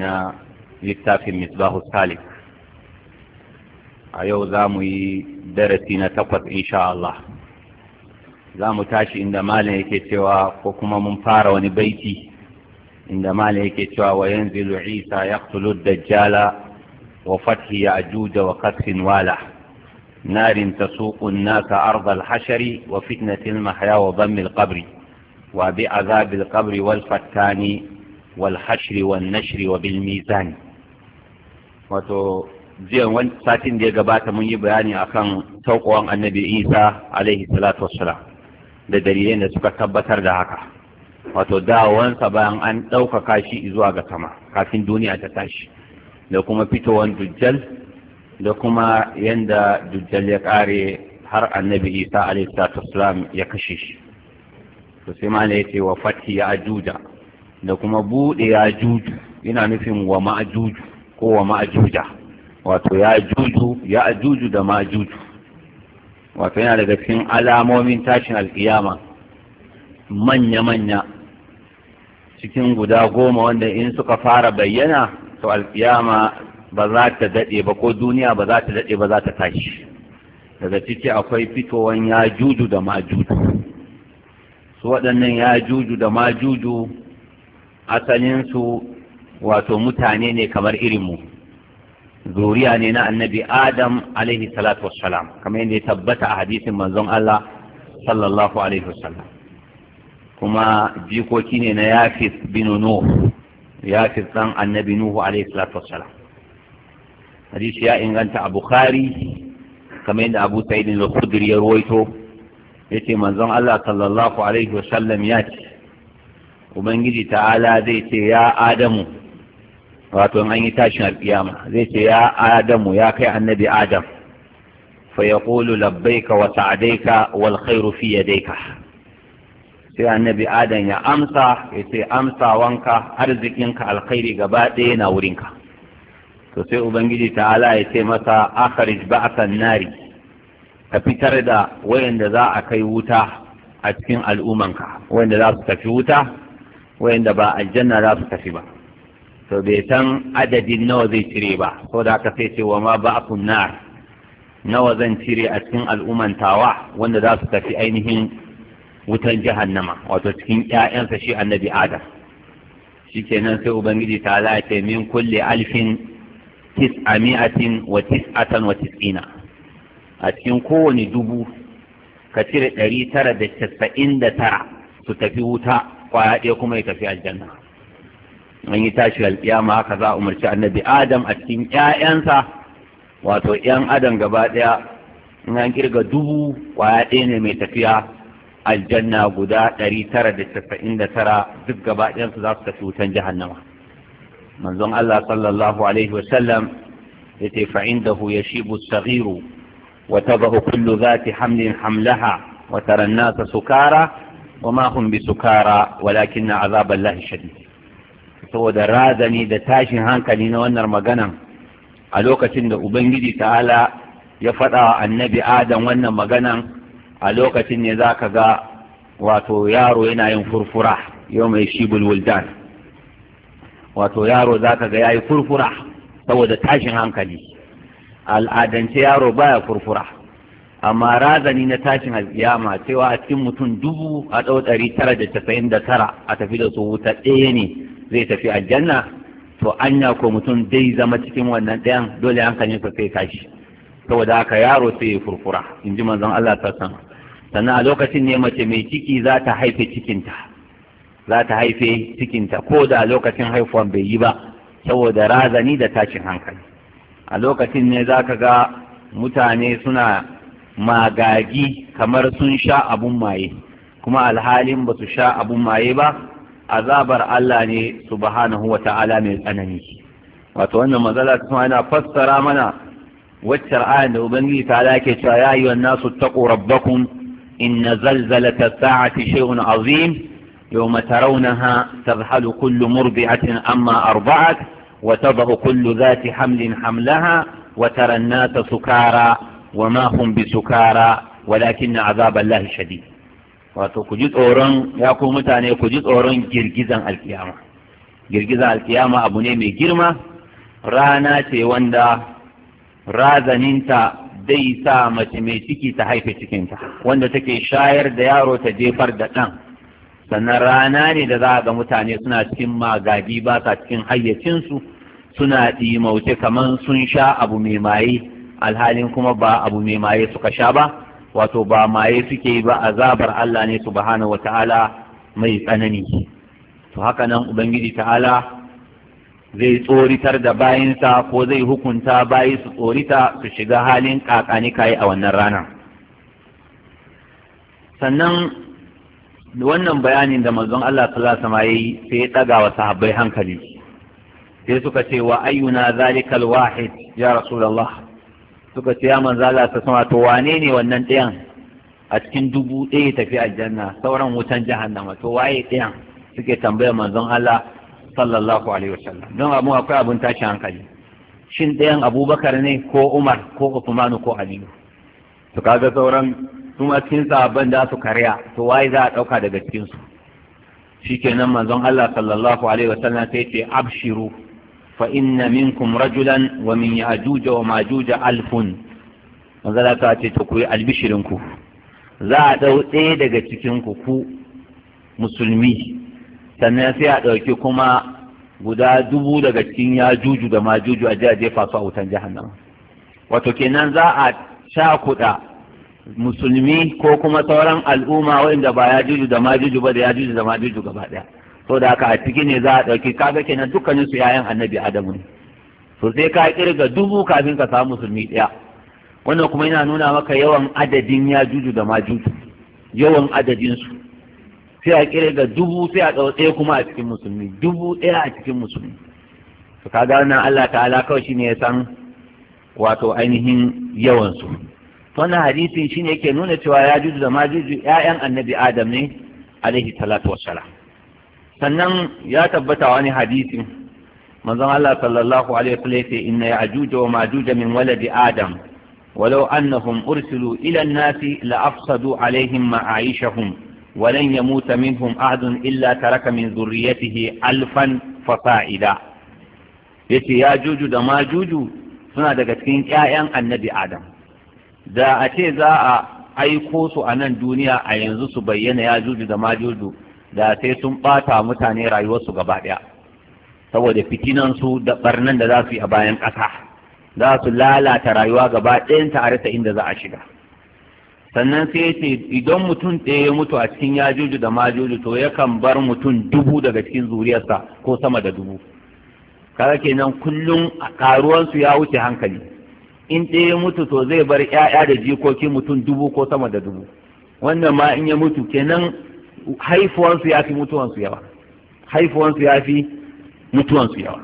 na littafin misbahu salik a yau za mu yi darasi na takwas insha Allah za mu tashi inda malin yake cewa ko kuma mun fara wani baiti inda malin yake cewa wa yanzilu isa yaqtulu dajjala wa fathi ya'juj wa qatfin wala نار تسوق الناس أرض الحشر Wa المحيا وضم القبر وبعذاب wal fattani. wal hashri wan nashri wa bil wato jiya wani satin da ya gabata mun yi bayani akan taukowan annabi isa alaihi salatu wassalam da dalilai da suka tabbatar da haka wato dawansa bayan an ɗaukaka shi zuwa ga sama kafin duniya ta tashi da kuma fitowar dujjal da kuma yadda dujjal ya ƙare har annabi isa alaihi salatu wassalam ya kashe shi to sai ma ne yace wa fati ya ajuda da kuma buɗe ya juju ina nufin wa ma'ajuju ko wa ma'ajuja wato ya juju ya ajuju da ma'ajuju wato yana daga cikin alamomin tashin alkiyama manya-manya cikin guda goma wanda in suka fara bayyana to alkiyama ba za ta daɗe ba ko duniya ba za ta daɗe ba za ta tashi daga ciki akwai fitowan ya juju da ma'aju'ju. su waɗannan ya juju da majuju asalinsu wato mutane ne kamar irinmu zuriya ne na annabi adam alaihi salatu wassalam kamar yadda ya tabbata a hadisin manzon Allah sallallahu alaihi wasallam kuma jikoki ne na yafis bin nuh yafis dan annabi nuhu alaihi salatu wassalam hadisi ya inganta a bukhari kamar yadda abu sa'id al-khudri ya ruwaito yace manzon Allah sallallahu alaihi wasallam ya ce ubangiji ta'ala zai ce ya adamu wato an yi tashin alƙiyama zai ce ya adamu ya kai annabi adam fa ya yaqulu labbaika wa ka wal khairu fi ka. sai annabi adam ya amsa ya ce amsa wanka arzikinka alkhairi gaba ɗaya na wurinka to sai ubangiji ta'ala ya ce masa ba a nari ka fitar da wayanda za a kai wuta a cikin al'umanka wayanda za su tafi wuta wayanda ba aljanna za su tafi ba to bai san adadin nawa zai cire ba ko da aka sai ce wa ma ba nar nawa zan cire a cikin al'umman tawa wanda za su tafi ainihin wutan jahannama wato cikin ƴaƴansa shi annabi adam shikenan sai ubangiji ta ya ce min kulli alfin tis'ami'atin wa tis'atan wa tis'ina a cikin kowane dubu ka cire ɗari tara da casa'in da tara su tafi wuta kwaya ɗaya kuma ya tafi aljanna an yi tashi alƙiyama haka za a umarci annabi adam a cikin ƴaƴansa wato ƴan adam gaba ɗaya in an kirga dubu kwaya ɗaya ne mai tafiya aljanna guda ɗari tara da casa'in da tara duk gaba ɗayansu za su tafi wutan jahannama manzon Allah sallallahu alaihi wasallam ya ce fa'indahu ya shibu kullu zati hamlin hamlaha wata tara su nasa sukara وما هم walakin na عذاب Lahi شديد saboda razani da tashin hankali na wannan maganan a lokacin da ubangiji ta'ala ya faɗa wa annabi adam wannan maganan a lokacin ne za ka ga wato yaro yana yin furfura yau mai shibul wuldan wato yaro za ka ga ya yi furfura saboda tashin hankali al'adance yaro baya furfura amma razani na tashin alkiyama cewa a cikin mutum dubu a ɗau ɗari tara da casa'in da tara a tafi da su wuta ɗaya ne zai tafi aljanna to anya ko mutum dai zama cikin wannan ɗayan dole hankalin su sai tashi saboda haka yaro sai ya furfura in ji manzon Allah ta san sannan a lokacin ne mace mai ciki za ta haife cikinta za ta haife cikinta ko da lokacin haifuwan bai yi ba saboda razani da tashin hankali a lokacin ne za ka ga mutane suna magagi kamar sun sha abun maye kuma alhalin ba su sha abun maye ba azabar Allah ne subhanahu wa ta'ala mai tsanani wato wannan mazala kuma yana fassara mana wacce ayan da ubangiji ta lake cewa ya yi nasu taqu rabbakum inna zalzalata sa'ati shay'un azim yawma يوم ترونها تذهل كل مربعة أما أرضعت وتضع كل ذات حمل حملها وترى الناس سكارى wa ma hum bisukara walakin azab Allah shadid wato ku ji tsoron ya ku mutane ku ji tsoron girgizan alkiyama girgizan alkiyama abu ne mai girma rana ce wanda razaninta zai sa mace mai ciki ta haife cikinta wanda take shayar da yaro ta jefar da ɗan sannan rana ne da za a ga mutane suna cikin magagi ba sa cikin hayyacinsu suna ɗimauce kamar sun sha abu mai maye alhalin kuma ba abu mai maye suka sha ba wato ba maye suke ba azabar Allah ne subhanahu ta'ala mai tsanani to haka nan ubangiji ta'ala zai tsoritar da bayinsa ko zai hukunta bayi su tsorita su shiga halin kakani kai a wannan rana sannan wannan bayanin da manzon Allah sallallahu alaihi wasallam yayi sai ya daga wa sahabbai hankali sai suka ce wa ayyuna zalikal wahid ya rasulullah suka ce ya manzo Allah ta sama to wane ne wannan ɗayan a cikin dubu ɗaya tafi aljanna sauran wutan jahannama to waye ɗayan suke tambayar manzon Allah sallallahu alaihi wasallam don abu akwai abun tashin hankali shin ɗayan Abubakar ne ko Umar ko Uthman ko Aliyu to kaga sauran ma cikin sahabban da su karya to waye za a ɗauka daga cikinsu shikenan manzon Allah sallallahu alaihi wasallam sai ce abshiru فإن منكم رجلا ومن يأجوج وماجوج ألف manzala ta ce ta koyi albishirinku za a ɗau ɗaya daga cikinku ku musulmi sannan sai a ɗauki kuma guda dubu daga cikin ya juju da ma juju a jiya jefa a wutan jahannan. wato kenan za a sha kuɗa musulmi ko kuma sauran al'umma wanda ba ya juju da ma juju ba da ya juju da ma juju gaba ɗaya so da aka a ciki ne za a ɗauki kaga kenan dukkanin su yayan annabi adamu ne so sai ka kirga dubu kafin ka samu musulmi ɗaya wannan kuma yana nuna maka yawan adadin ya juju da ma juju yawan adadin su sai a kirga dubu sai a ɗauke kuma a cikin musulmi dubu ɗaya a cikin musulmi to kaga wannan Allah ta'ala kawai shine ya san wato ainihin yawan su wannan hadisin shine yake nuna cewa ya juju da ma juju ƴaƴan annabi adam ne alaihi salatu wassalam sannan ya tabbata wani hadisi manzon Allah sallallahu alaihi wasallam yace inna ya'juj wa ma'juj min waladi adam ولو أنهم أرسلوا إلى الناس لأفسدوا عليهم معايشهم ولن يموت منهم أحد إلا ترك من ذريته ألفا فصاعدا yace ya juju da ma juju suna daga cikin ƴaƴan annabi adam da a ce za a aiko su a nan duniya a yanzu su bayyana ya juju da ma juju da sai sun ɓata mutane rayuwarsu gaba ɗaya saboda su da barnan da za su yi a bayan ƙasa za su lalata rayuwa gaba ɗayan a rasa inda za a shiga sannan sai ce idan mutum ɗaya ya mutu a cikin yajuju da majuju to yakan bar mutum dubu daga cikin zuriyarsa ko sama da dubu kaga kenan kullum a karuwansu ya wuce hankali in ɗaya ya mutu to zai bar 'ya'ya da jikoki mutum dubu ko sama da dubu wannan ma in ya mutu kenan haifuwansu ya fi mutuwansu yawa haifuwansu ya fi mutuwansu yawa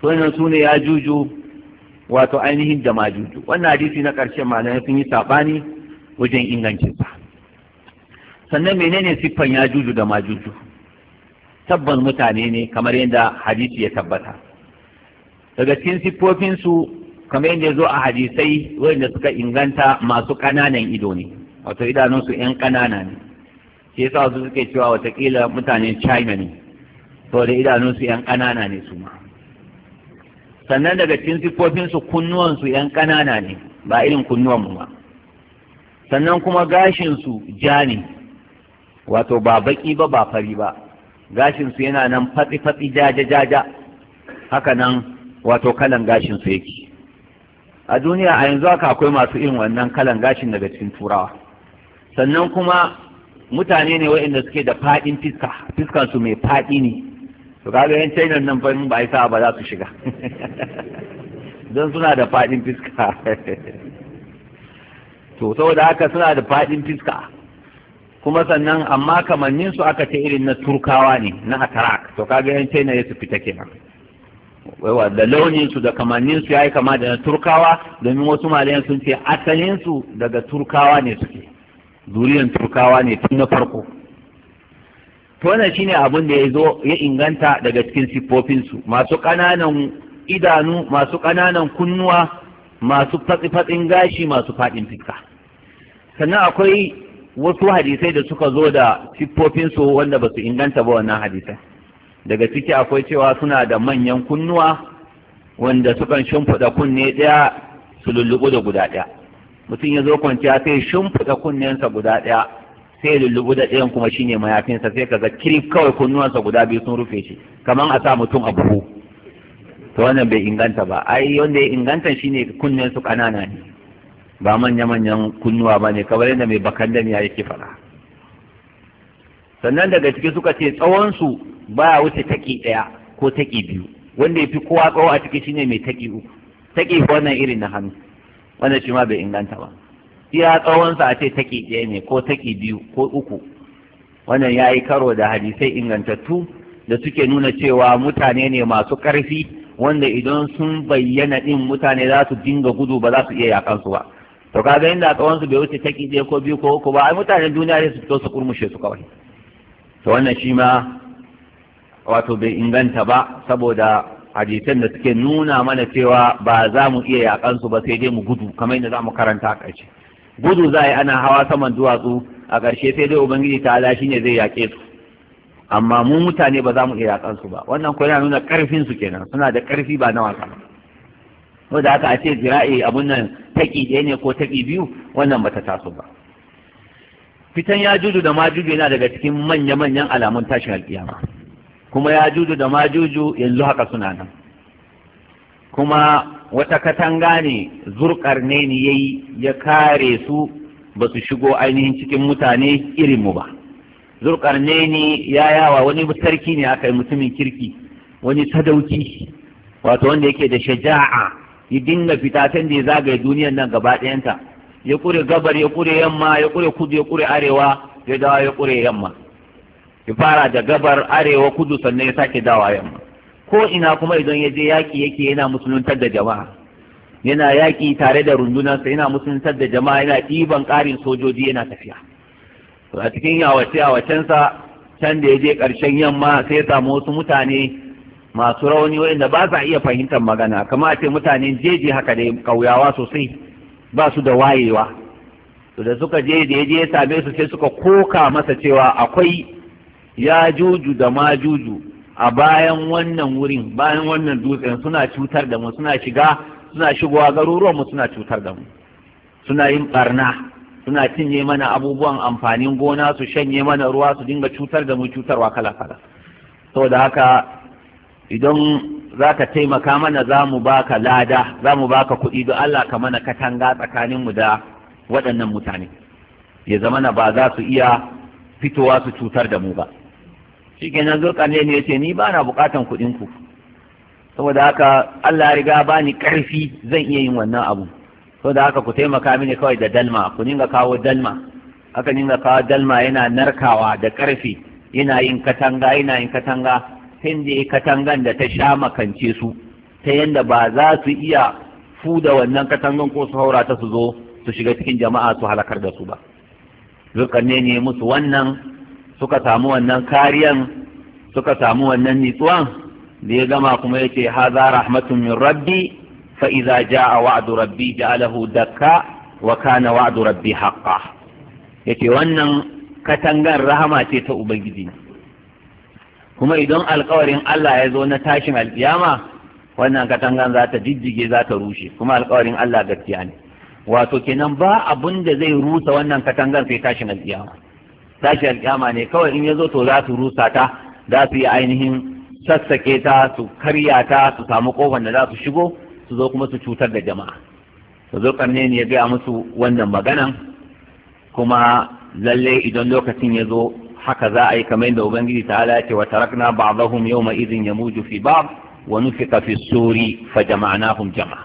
sunan su ne ya juju wato ainihin da majuju wannan hadisi na ƙarshe malamai sun yi saɓani wajen ingancinsa sannan menene siffan ya juju da majuju tabban mutane ne kamar yadda hadisi ya tabbata daga cikin siffofinsu kamar yadda zo a hadisai wanda suka inganta masu ƙananan ido ne wato idanunsu 'yan ƙanana ne shi yasa su suke cewa watakila mutanen china ne to idanun idanunsu yan ƙanana ne su ma sannan daga cikin siffofinsu kunnuwansu yan kanana ne ba irin kunnuwan mu ba sannan kuma gashinsu ja ne wato ba baki ba ba fari ba gashinsu yana nan fatsi-fatsi jaja-jaja haka nan wato kalan gashinsu yake a duniya a yanzu haka akwai masu irin wannan kalan gashin daga cikin turawa sannan kuma mutane ne waɗanda suke da faɗin fiska fiskan su mai faɗi ne to kaga yan China nan fa ba isa ba za su shiga don suna da faɗin fiska to saboda haka suna da faɗin fiska kuma sannan amma kamannin su aka ce irin na turkawa ne na atarak to kaga yan china ya su fita kenan wa da launin su da kamannin su yayi kama da na turkawa domin wasu malayan sun ce asalin su daga turkawa ne suke zuriyan turkawa ne tun na farko to wannan shine abin da ya zo ya inganta daga cikin siffofinsu masu ƙananan idanu masu ƙananan kunnuwa masu fatsi gashi masu faɗin fiska sannan akwai wasu hadisai da suka zo da siffofinsu wanda ba su inganta ba wannan hadisai daga ciki akwai cewa suna da manyan kunnuwa wanda sukan shimfiɗa kunne ɗaya su lulluɓu da guda ɗaya mutum ya zo kwanciya sai shimfiɗa kunnensa guda ɗaya sai lullubu da ɗayan kuma shine mayafinsa sai kaga kirif kawai kunnuwansa guda biyu sun rufe shi kamar a sa mutum a buhu to wannan bai inganta ba ai wanda ya inganta shine ne su kanana ne ba manya manyan kunnuwa ba ne kamar yadda mai bakan da ya yake faɗa sannan daga ciki suka ce tsawonsu su baya wuce taki ɗaya ko taki biyu wanda ya fi kowa tsawo a ciki shine mai taki uku taki wannan irin na hannu wannan shi ma bai inganta ba iya tsawonsa a ce taki ɗaya ne ko taki biyu ko uku wannan ya yi karo da hadisai ingantattu da suke nuna cewa mutane ne masu ƙarfi wanda idan sun bayyana ɗin mutane za su dinga gudu ba za su iya yakansu ba to kaga inda tsawonsu bai wuce taki ɗaya ko biyu ko uku ba ai mutanen duniya ne su fito su kurmushe su kawai to wannan shi ma wato bai inganta ba saboda hadisan da suke nuna mana cewa ba za mu iya yakan su ba sai dai mu gudu kamar yadda za mu karanta a ƙarshe gudu za a yi ana hawa saman duwatsu a ƙarshe sai dai ubangiji ta ala shine zai yaƙe su amma mu mutane ba za mu iya yakan su ba wannan ko yana nuna ƙarfin su kenan suna da ƙarfi ba na wasa ba wanda haka a ce zira'i abun nan taƙi ɗaya ne ko taƙi biyu wannan bata taso ba fitan ya judu da ma judu yana daga cikin manya-manyan alamun tashin alƙiyama kuma ya juju da majuju yanzu haka suna nan kuma wata katanga ne zurkar ne yayi ya kare su ba su shigo ainihin cikin mutane irin mu ba zurkar ne ya yawa wani sarki ne aka yi mutumin kirki wani sadauki wato wanda yake da shaja'a ya dinga fitatan da ya zagaye duniyar nan gaba ɗayanta ya ƙure gabar ya kure yamma ya kure kudu ya kure arewa ya dawo ya ƙure yamma ya fara da gabar arewa kudu sannan ya sake dawa yamma ko ina kuma idan ya je yaƙi yake yana musuluntar da jama'a yana yaƙi tare da rundunarsa yana musuluntar da jama'a yana ɗiban ƙarin sojoji yana tafiya a cikin yawace yawacensa can da ya je ƙarshen yamma sai ya samu wasu mutane masu rauni wanda ba a iya fahimtar magana kamar ce mutanen jeji haka da ƙauyawa sosai ba su da wayewa to da suka je da ya je ya same su sai suka koka masa cewa akwai ya juju da ma juju a bayan wannan wurin bayan wannan dutsen suna cutar da mu suna shiga suna shigowa garuruwan mu suna cutar da mu suna yin barna suna cinye mana abubuwan amfanin gona su shanye mana ruwa su dinga cutar da mu cutarwa kala kala saboda haka idan za ka taimaka mana za mu baka lada za mu baka kuɗi don Allah ka mana katanga tsakaninmu da waɗannan mutane ya zamana ba za su iya fitowa su cutar da mu ba shi kenan ne ya ce ni bana na bukatan kuɗin ku saboda haka Allah ya riga bani ni ƙarfi zan iya yin wannan abu saboda haka ku taimaka mini kawai da dalma ku dinga kawo dalma aka dinga kawo dalma yana narkawa da ƙarfi yana yin katanga yana yin katanga sai da katangan da ta sha makance su ta yanda ba za su iya fuda wannan katangan ko su haura ta su zo su shiga cikin jama'a su halakar da su ba ne musu wannan suka samu wannan kariyan suka samu wannan nitsuwan da ya gama kuma yace haza rahmatun min rabbi fa idza jaa wa'du rabbi ja'alahu dakka wa kana wa'du rabbi haqqan yake wannan katangan rahama ce ta ubangiji kuma idan alkawarin Allah ya zo na tashin alkiyama wannan katangan za ta jijjige za ta rushe kuma alkawarin Allah gaskiya ne wato kenan ba abun da zai rusa wannan katangan sai tashin alkiyama tashi alƙiyama ne kawai in ya zo to za su rusa ta za su yi ainihin sassake ta su karya ta su samu kofar da za su shigo su zo kuma su cutar da jama'a su zo karne ne ya gaya musu wannan maganan kuma lalle idan lokacin ya zo haka za a yi kamar da ubangiji ta ala ce wa tarakna ba'dahum yawma idhin yamuju fi ba'd wa nufiqa fi suri fa jama'nahum jama'a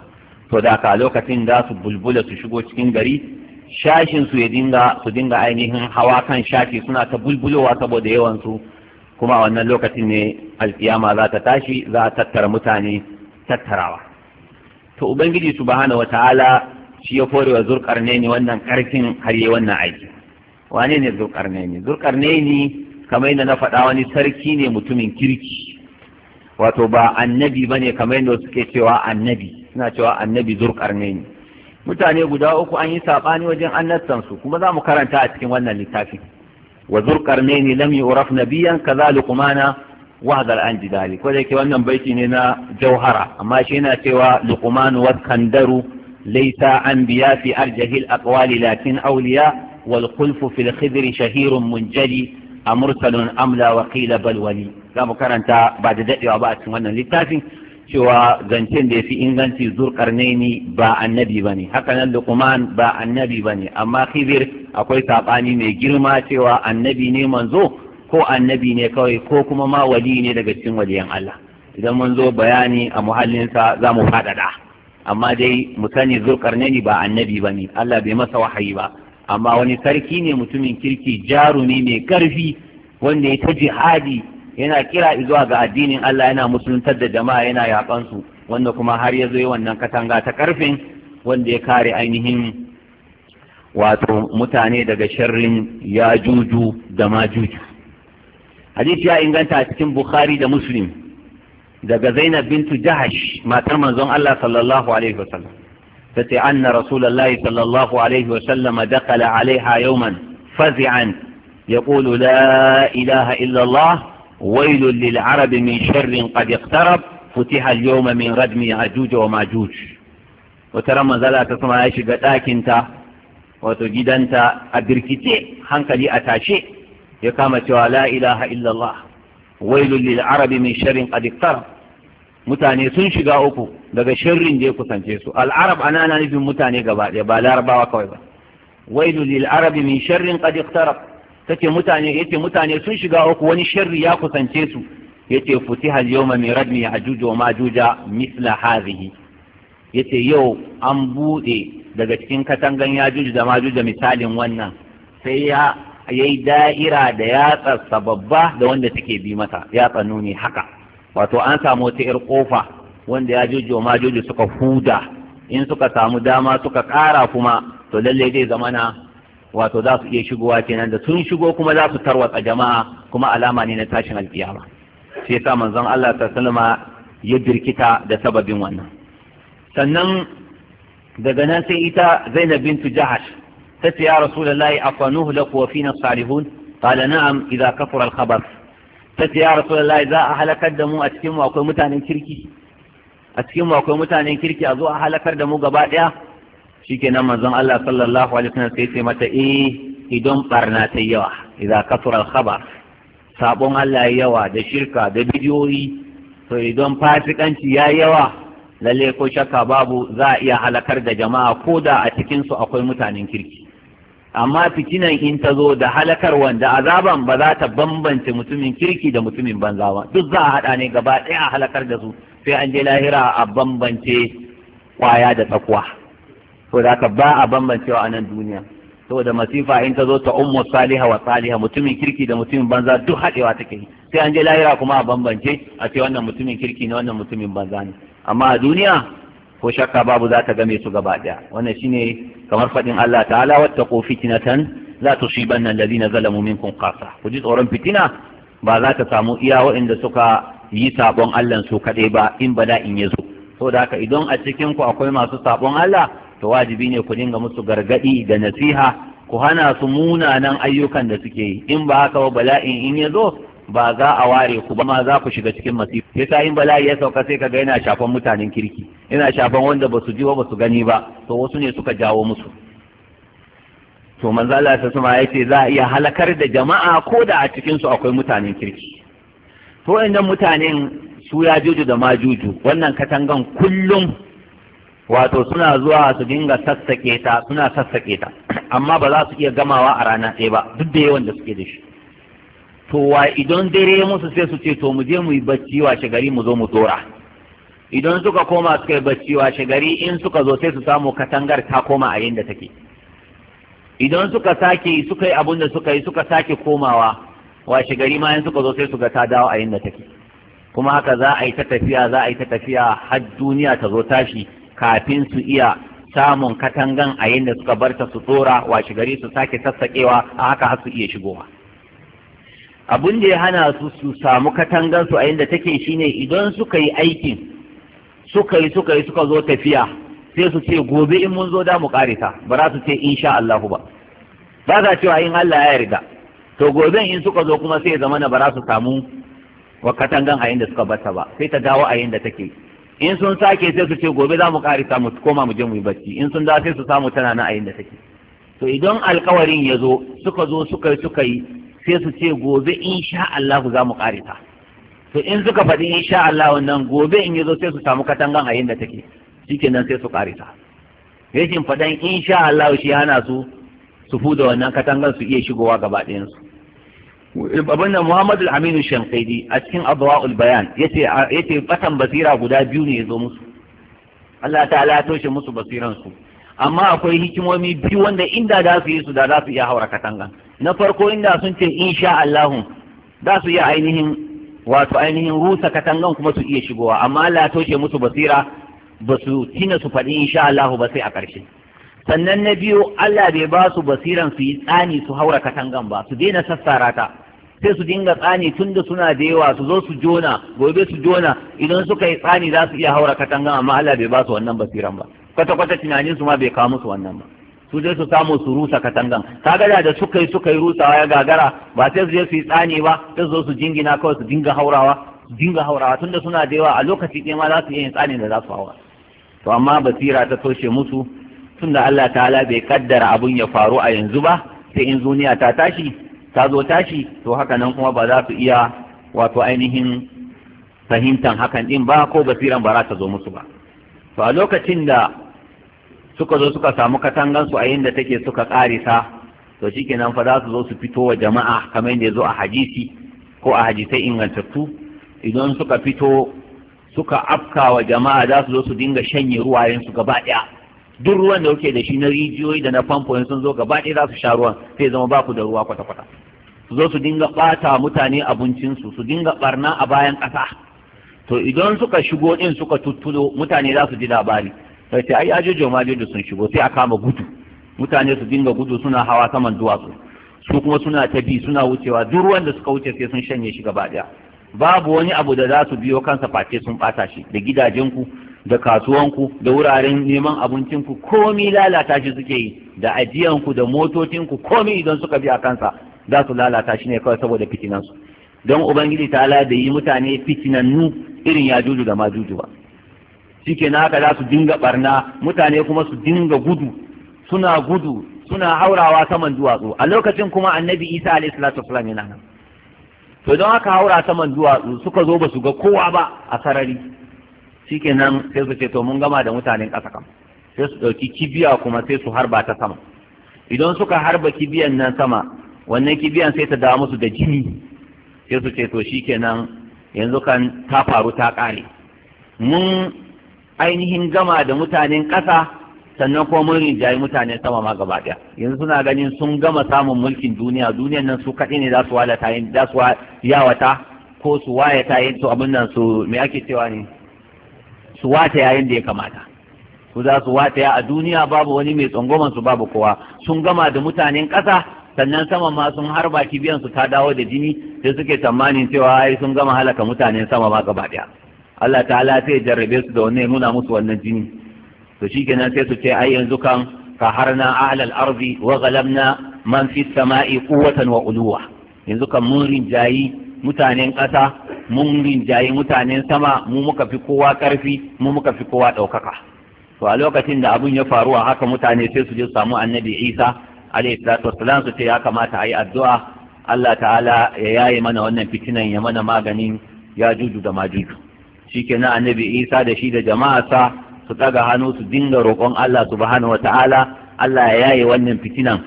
to da ka lokacin za su bulbula su shigo cikin gari shashin su ya dinga su dinga ainihin hawa kan shafi suna ta bulbulowa saboda yawan su kuma a wannan lokacin ne alkiyama za ta tashi za ta tattara mutane tattarawa to ubangiji subhanahu wataala shi ya fore wa wannan karfin har yi wannan aiki wane ne zurkarneni zurkarneni kamar yadda na faɗa wani sarki ne mutumin kirki wato ba annabi bane kamar yadda suke cewa annabi suna cewa annabi zurkarneni mutane guda uku an yi saɓani wajen annabtansu kuma za mu karanta a cikin wannan littafi wa zurƙarne ne lam yuraf nabiyan kaza luqmana wa hadal an jidali ko dai ke wannan baiti ne na jauhara amma shi yana cewa luqman wa kandaru laysa anbiya fi arjahil aqwali lakin awliya wal khulfu fil khidri shahirun munjali amursalun amla wa qila bal za mu karanta ba da dadewa ba a cikin wannan littafin cewa zancen da ya fi inganci ni ba annabi ba ne haka nan luqman ba annabi ba ne amma khidir akwai saɓani mai girma cewa annabi ne manzo ko annabi ne kawai ko kuma ma wali ne daga cikin waliyan Allah idan mun zo bayani a muhallinsa za mu faɗaɗa amma dai mu sani ni ba annabi ba ne Allah bai masa wahayi ba amma wani sarki ne mutumin kirki jarumi mai ƙarfi wanda ya ta jihadi yana kira zuwa ga addinin Allah yana musuluntar da jama'a yana yakan su wanda kuma har ya zo wannan katanga ta ƙarfin wanda ya kare ainihin wato mutane daga sharrin ya juju da ma juju hadisi ya inganta a cikin bukhari da muslim daga zainab bintu jahash matar manzon Allah sallallahu alaihi wasallam ta ce anna rasulullahi sallallahu alaihi wasallam dakala alaiha yawman fazi'an yaqulu la ilaha illa ويل للعرب من شر قد اقترب فتح اليوم من ردم وماجوج ta sama ya shiga ɗakinta wato gidanta a birkice hankali a tashe ya kama cewa la ilaha arabi min mutane sun shiga uku daga shirin da ya kusance su alarab arab ana nufin mutane gaba ɗaya ba larabawa kawai ba wailul lil arabi min sharrin qad iqtarab take mutane yace mutane sun shiga uku wani sharri ya kusance su yace futiha yawma min radmi ajuj wa majuja misla hadhihi yace yau an bude daga cikin katangan yajuj da majuj da misalin wannan sai ya yayi da'ira da yatsarsa babba da wanda take bi mata yatsa nuni haka wato an samu wata 'yar kofa wanda yajuj wa majuj suka huda in suka samu dama suka kara kuma to lalle zai zamana wato za su iya shigowa kenan da sun shigo kuma za su tarwatsa jama'a kuma alama ne na tashin alkiyama sai yasa manzon Allah salama ya birkita da sababin wannan sannan daga nan sai ita Zainab bintu Jahash ta ce ya Rasulullahi afanuhu laku wa fina salihun qala na'am idza kafara al-khabar ta ce ya Rasulullahi za a halakar da mu a cikin mu akwai mutanen kirki a cikin mu akwai mutanen kirki a zo a halakar da mu gaba daya nan manzon Allah sallallahu alaihi wasallam sai ce mata e, idan barna ta yawa Idan kasura al-khabar sabon Allah ya yawa da shirka da bidiyoyi to idan fasikanci ya yawa lalle ko shaka babu za a iya halakar da jama'a ko da a cikin su akwai mutanen kirki amma fitinan in ta zo da halakar wanda azaban ba za ta bambance mutumin kirki da mutumin banza ba duk za a haɗa ne gaba ɗaya a halakar da su sai an je lahira a bambance kwaya da tsakuwa da haka ba a bambancewa a nan duniya saboda masifa in ta zo ta ummu saliha wa saliha mutumin kirki da mutumin banza duk haɗewa take yi sai an je lahira kuma a bambance a ce wannan mutumin kirki ne wannan mutumin banza ne amma a duniya ko shakka babu za ta game su gaba ɗaya wannan shine kamar faɗin Allah ta'ala wattaqu fitnatan la tusibanna alladhina zalamu minkum kasa. ku ji tsoron fitina ba za ta samu iya waɗanda suka yi sabon Allah su kaɗai ba in bala in ya zo saboda haka idan a cikin ku akwai masu sabon Allah to wajibi ne ku dinga musu gargadi da nasiha ku hana su munanan ayyukan da suke yi in ba haka ba bala'in in ya zo ba za a ware ku ba ma za ku shiga cikin masifa yasa in bala'i ya sauka sai kaga yana shafan mutanen kirki yana shafan wanda ba su ji ba su gani ba to wasu ne suka jawo musu to manzo Allah ta sama yace za a iya halakar da jama'a ko da a cikin su akwai mutanen kirki to inda mutanen su ya juju da majuju wannan katangan kullum wato suna zuwa su dinga sassake ta suna sassake ta amma ba za su iya gamawa a rana ɗaya ba duk da yawan da suke da shi to wa idan dare musu sai su ce to mu je mu yi bacci washe gari mu zo mu dora idan suka koma suka yi bacci washe gari in suka zo sai su samu katangar ta koma a yadda take idan suka sake suka yi abin da suka yi suka sake komawa washe gari ma in suka zo sai su ga ta dawo a yadda take kuma haka za a yi ta tafiya za a yi ta tafiya har duniya ta zo tashi kafin su iya samun katangan a yadda suka barta su tsora washe gari su sake sassaƙewa a haka su iya shigowa abin da ya hana su su samu katangan su a yadda take shine idan suka yi aikin suka yi suka yi suka zo tafiya sai su ce gobe in mun zo da mu karita ba za su ce insha Allahu ba ba za cewa in Allah ya yarda to gobe in suka zo kuma sai ya zama na ba za su samu wa katangan a yadda suka bata ba sai ta dawo a yadda take in sun sake sai su ce gobe za mu karisa mu koma mu je mu yi bacci in sun da sai su samu tana na ayin da take to idan alkawarin ya zo suka zo suka yi suka yi sai su ce gobe insha Allah za mu karisa to in suka faɗi insha Allah wannan gobe in ya zo sai su samu katangan ayin da take shikenan sai su karisa rashin faɗan insha Allah shi hana su su fuda wannan katangan su iya shigowa gaba ɗayan su abin da muhammadu aminu shankaidi a cikin adwa'ul bayan yace fatan basira guda biyu ne ya zo musu Allah ta ala toshe musu basiransu amma akwai hikimomi biyu wanda inda za su yi su da za su iya haura katanga na farko inda sun ce insha Allahu za su iya ainihin wato ainihin rusa katangan kuma su iya shigowa amma Allah toshe musu basira ba su tina su faɗi insha Allahu ba sai a ƙarshe sannan na biyu Allah bai ba su basiran su yi tsani su haura katangan ba su daina sassarata. ta sai su dinga tsani tun da suna da yawa su zo su jona gobe su jona idan suka yi tsani za su iya haura katanga amma Allah bai ba su wannan basiran ba kwata kwata tunanin su ma bai kawo musu wannan ba su je su samu su rusa katangan kaga da da suka yi suka yi rusawa ya gagara ba sai su je su yi tsani ba sai su zo su jingina kawai su dinga haurawa su dinga haurawa tunda suna da yawa a lokaci ɗaya ma za su iya yin tsani da za su haura to amma basira ta toshe musu tunda Allah ta'ala bai kaddara abun ya faru a yanzu ba sai in zuniya ta tashi ta zo tashi to haka nan kuma ba za su iya wato ainihin fahimtan hakan din ba ko basiran ba ta zo musu ba to a lokacin da suka zo suka samu katangan su a da take suka karisa to shikenan fa za su zo su fito wa jama'a kamar yadda ya zo a hadisi ko a hadisai ingantattu idan suka fito suka afka wa jama'a za su zo su dinga shanye ruwayensu gaba ɗaya duk ruwan da kuke da shi na rijiyoyi da na famfo sun zo gaba ɗaya za su sha ruwan sai zama ba ku da ruwa kwata-kwata su zo su dinga ɓata mutane abincinsu su dinga ɓarna a bayan ƙasa to idan suka shigo ɗin suka tuttulo mutane za su ji labari sai ce ai ajojo ma da sun shigo sai a kama gudu mutane su dinga gudu suna hawa saman duwatsu su kuma suna ta bi suna wucewa duk ruwan da suka wuce sai sun shanye shi gaba ɗaya babu wani abu da za su biyo kansa face sun ɓata shi da gidajenku da kasuwanku da wuraren neman abincinku komi lalata shi suke yi da ajiyanku da motocinku komi idan suka bi a kansa za su lalata shi ne kawai saboda fitinansu don ubangiji ta ala da yi mutane fitinannu irin ya juju da majuju ba shike haka za su dinga barna mutane kuma su dinga gudu suna gudu suna haurawa saman duwatsu a lokacin kuma annabi isa alayhi salatu wasalam yana nan to don haka haura saman duwatsu suka zo ba su ga kowa ba a sarari Shi nan sai su ce to mun gama da mutanen ƙasa kam sai su ɗauki kibiya kuma sai su harba ta sama idan suka harba kibiyan nan sama wannan kibiyan sai ta dawo musu da jini sai su ce to shi nan yanzu kan ta faru ta ƙare mun ainihin gama da mutanen ƙasa sannan kuma mun rinjayi mutanen sama ma gaba ɗaya yanzu suna ganin sun gama samun mulkin duniya duniyan nan su kaɗai ne za su yawata ko su waye ta yin to abin nan su me ake cewa ne su wata yayin da ya kamata ku za su wata ya a duniya babu wani mai tsangwaman su babu kowa sun gama da mutanen ƙasa sannan sama ma sun harba kibiyan su ta dawo da jini sai suke tsammanin cewa ai sun gama halaka mutanen sama ma gaba ɗaya Allah ta'ala sai jarrabe su da wannan nuna musu wannan jini to shikenan sai su ce ai yanzu kan ka ahlal ardi wa ghalamna man fi samai quwwatan wa uluwa yanzu kan mun rinjayi mutanen ƙasa mun rinjayi mutanen sama mu muka fi kowa ƙarfi mu muka fi kowa ɗaukaka to a lokacin da abun ya faru a haka mutane sai su je su samu annabi isa alaihi salatu wassalam su ce ya kamata a yi addu'a Allah ta'ala ya yaye mana wannan fitinan ya mana maganin ya juju da majuju shikenan annabi isa da shi da jama'arsa su ɗaga hannu su dinga roƙon Allah subhanahu wa ta'ala Allah ya yaye wannan fitinan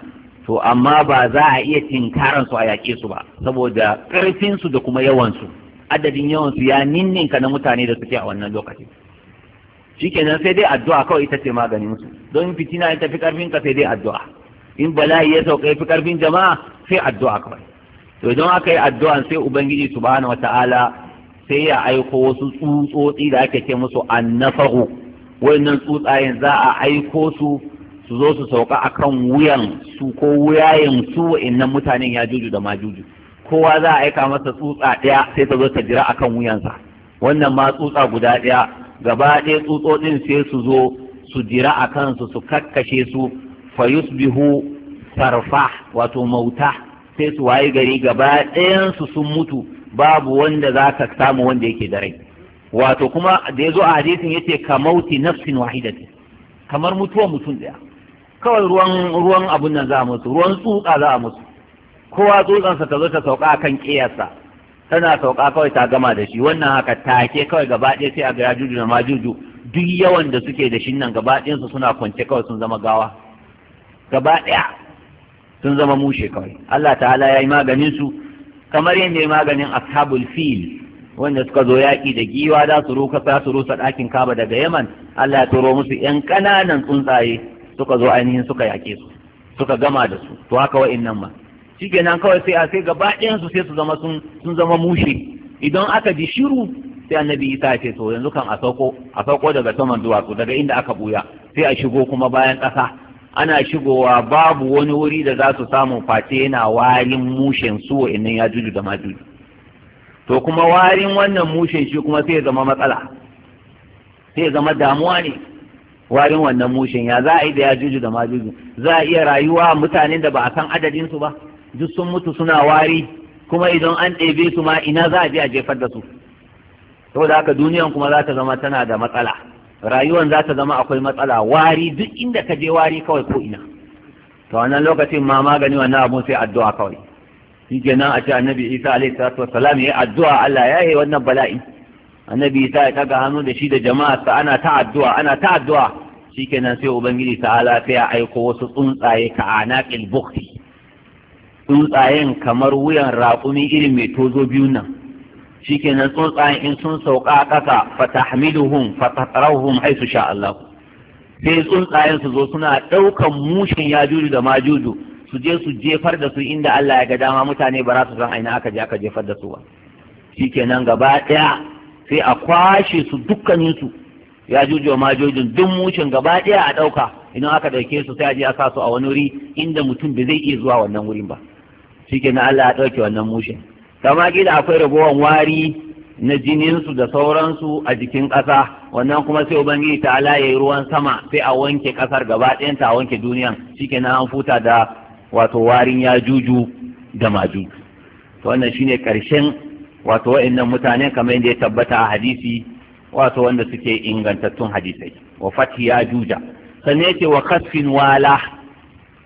to amma ba za a iya tinkaran su a yaƙe su ba saboda ƙarfin su da kuma yawan su adadin yawan su ya ninninka na mutane da suke a wannan lokacin shikenan sai dai addu'a kawai ita ce maganin su don fitina ita fi karfin ka sai dai addu'a in bala'i ya sauka fi ƙarfin jama'a sai addu'a kawai to idan aka yi addu'a sai ubangiji subhanahu wataala sai ya aiko wasu tsutsotsi da ake ce musu annafahu wannan tsutsayen za a aiko su su zo su sauka a kan wuyan su ko wuyayen su wa'annan mutanen ya juju da majuju kowa za a aika masa tsutsa ɗaya sai ta zo ta jira a kan wuyansa wannan ma tsutsa guda ɗaya gaba ɗaya tsutsotsin sai su zo su jira a kansu su kakkashe su fa bihu sarfa wato mauta sai su wayi gari gaba ɗayansu sun mutu babu wanda za ka samu wanda yake da rai wato kuma da ya zo a hadisin yace ka mauti nafsin wahidatin kamar mutuwa mutum ɗaya kawai ruwan ruwan abun nan za musu ruwan tsuka za a musu kowa tsutsansa ta zo ta sauka kan kiyarsa tana sauka kawai ta gama da shi wannan haka take kawai gaba ɗaya sai a ga juju da majuju duk yawan da suke da shin nan gaba ɗayansu suna kwance kawai sun zama gawa gaba ɗaya sun zama mushe kawai Allah ta'ala ya yi maganin su kamar yadda ya maganin ashabul fil wanda suka zo yaƙi da giwa da su rusa ɗakin kaba daga yaman Allah ya turo musu yan ƙananan tsuntsaye suka zo ainihin suka yaƙe su suka gama da su to haka wa'innan ma kenan kawai sai a sai gaba ɗayan su sai su zama sun zama mushe idan aka ji shiru sai annabi isa ya ce to yanzu kan a sauko a sauko daga saman duwatsu daga inda aka buya sai a shigo kuma bayan ƙasa ana shigowa babu wani wuri da za su samu face yana warin mushen su wa'innan ya juju da majuju to kuma warin wannan mushen shi kuma sai ya zama matsala sai ya zama damuwa ne warin wannan mushin ya za a yi da ya juju da majuju za a iya rayuwa mutanen da ba a san adadin su ba duk sun mutu suna wari kuma idan an ɗebe su ma ina za a je a jefar da su saboda haka duniyan kuma za ta zama tana da matsala rayuwan za ta zama akwai matsala wari duk inda ka je wari kawai ko ina to wannan lokacin ma magani wannan abun sai addu'a kawai shi kenan a ce annabi isa alaihi salatu wassalam ya addu'a Allah ya yi wannan bala'i annabi isa ya taga hannu da shi da jama'a ana ta addu'a ana ta addu'a shikenan sai ubangiji ta sai ya aiko wasu tsuntsaye ka anaqil bukti tsuntsayen kamar wuyan raƙumi irin mai tozo biyu nan shikenan tsuntsayen in sun sauka ƙasa fatahmiluhum fatatarahum haisu sha Allah sai tsuntsayen su zo suna ɗaukan mushin yajuju da majuju su je su jefar da su inda Allah ya ga dama mutane ba za su san aina aka je aka jefar da su ba shikenan gaba ɗaya sai a kwashe su dukkaninsu ya juju ma jojin duk mucin gaba ɗaya a ɗauka idan aka ɗauke su sai a je a sa su a wani wuri inda mutum bai zai iya zuwa wannan wurin ba shike na Allah ya ɗauke wannan mushin kama gida akwai ragowar wari na jininsu da sauransu a jikin ƙasa wannan kuma sai ubangiji ta ala ya yi ruwan sama sai a wanke ƙasar gaba ɗayanta a wanke duniyan shike na an futa da wato warin ya juju da maju to wannan shine ƙarshen wato wa'annan mutane kamar yadda ya tabbata a hadisi wato wanda suke ingantattun hadisai wa Fati ya juja sannan yake wa kasfin wala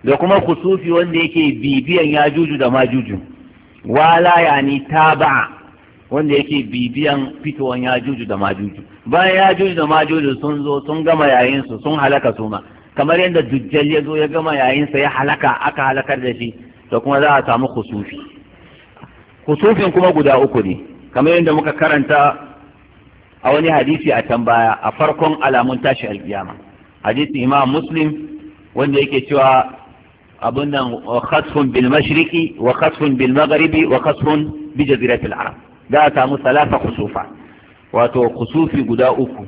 da kuma kusufi wanda yake bibiyan ya juju da ma juju wala yani taba wanda yake bibiyan fitowan ya juju da ma juju bayan ya juju da ma juju sun zo sun gama yayin su sun halaka su ma kamar yadda dujjal ya zo ya gama yayin sa ya halaka aka halakar da shi to kuma za a samu kusufi kusufin kuma guda uku ne kamar yadda muka karanta a wani hadisi a can baya a farkon alamun tashi alkiyama hadisi imam muslim wanda yake cewa abun nan khasfun bil mashriqi wa khasfun bil wa khasfun bi jaziratil arab Da a samu salasa kusufa wato kusufi guda uku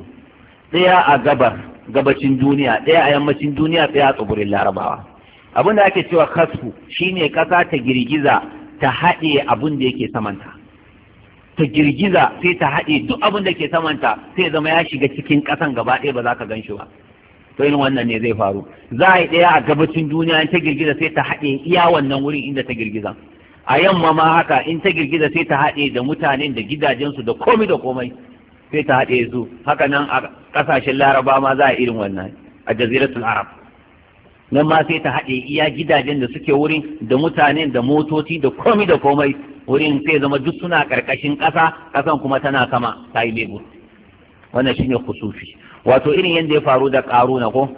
ɗaya a gabar gabacin duniya ɗaya a yammacin duniya ɗaya a tsibirin larabawa abin da ake cewa kasfu shine kasa ta girgiza ta haɗe abin da yake samanta ta girgiza sai ta haɗe duk abin da ke samanta sai zama ya shiga cikin ƙasan gaba ɗaya ba za ka gan shi ba to yin wannan ne zai faru za a yi ɗaya a gabacin duniya in ta girgiza sai ta haɗe iya wannan wurin inda ta girgiza a yamma ma haka in ta girgiza sai ta haɗe da mutanen da gidajensu da komai da komai sai ta haɗe su haka nan a ƙasashen laraba ma za a irin wannan a jaziratul arab nan ma sai ta haɗe iya gidajen da suke wurin da mutanen da motoci da komai da komai wurin sai zama duk suna karkashin ƙasa ƙasan kuma tana sama ta yi lebur wannan shine kusufi wato irin yadda ya faru da ƙaruna ko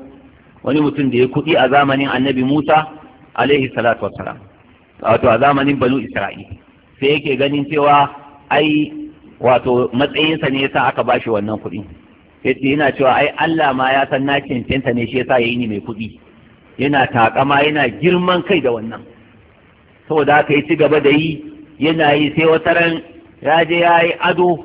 wani mutum da ya kuɗi a zamanin annabi musa alaihi salatu wassalam wato a zamanin banu isra'il sai yake ganin cewa ai wato matsayinsa ne yasa aka bashi wannan kuɗi yace yana cewa ai Allah ma ya san na cancanta ne shi yasa yi ni mai kuɗi yana takama yana girman kai da wannan saboda haka ya ci gaba da yi yana yi sai wata ran ya je ya yi ado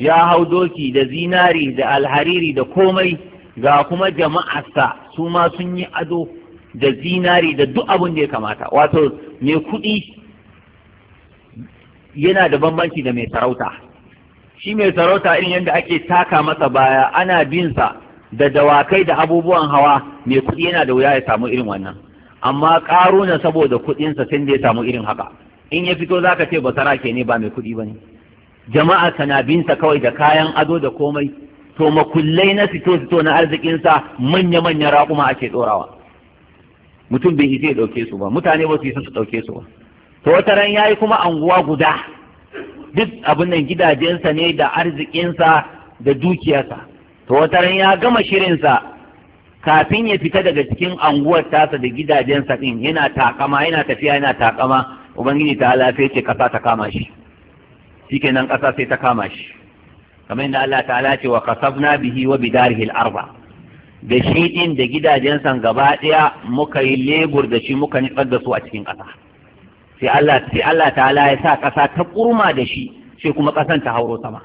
ya hau doki da zinari da alhariri da komai ga kuma jama'arsa su ma sun yi ado da zinari da duk abin da ya kamata wato mai kuɗi yana da bambanci da mai sarauta shi mai sarauta irin yadda ake taka masa baya ana binsa da dawakai da abubuwan hawa mai kuɗi yana da wuya ya samu irin wannan amma ƙaruna saboda kuɗinsa sai da ya samu irin haka in ya fito zaka ce basara ke ne ba mai kuɗi ba ne jama'a kana binta kawai da kayan ado da komai to makullai na fito fito na arzikinsa manya-manyan raƙuma ake ɗorawa mutum bai ije ɗauke su ba mutane ba su yi su ɗauke su ba to wata ran yayi kuma anguwa guda duk abin nan gidajensa ne da arzikinsa da dukiyarsa to wata ran ya gama shirinsa kafin ya fita daga cikin anguwar tasa da gidajensa din yana takama yana tafiya yana takama ubangiji ta sai ce kasa ta kama shi shikenan kasa sai ta kama shi kamar yadda Allah ta ala ce wa kasabna bihi wa dari arba da shi din da gidajensan gaba daya muka yi lebur da shi muka nitsar da su a cikin kasa sai Allah sai Allah ya sa kasa ta kurma da shi sai kuma kasan ta hauro sama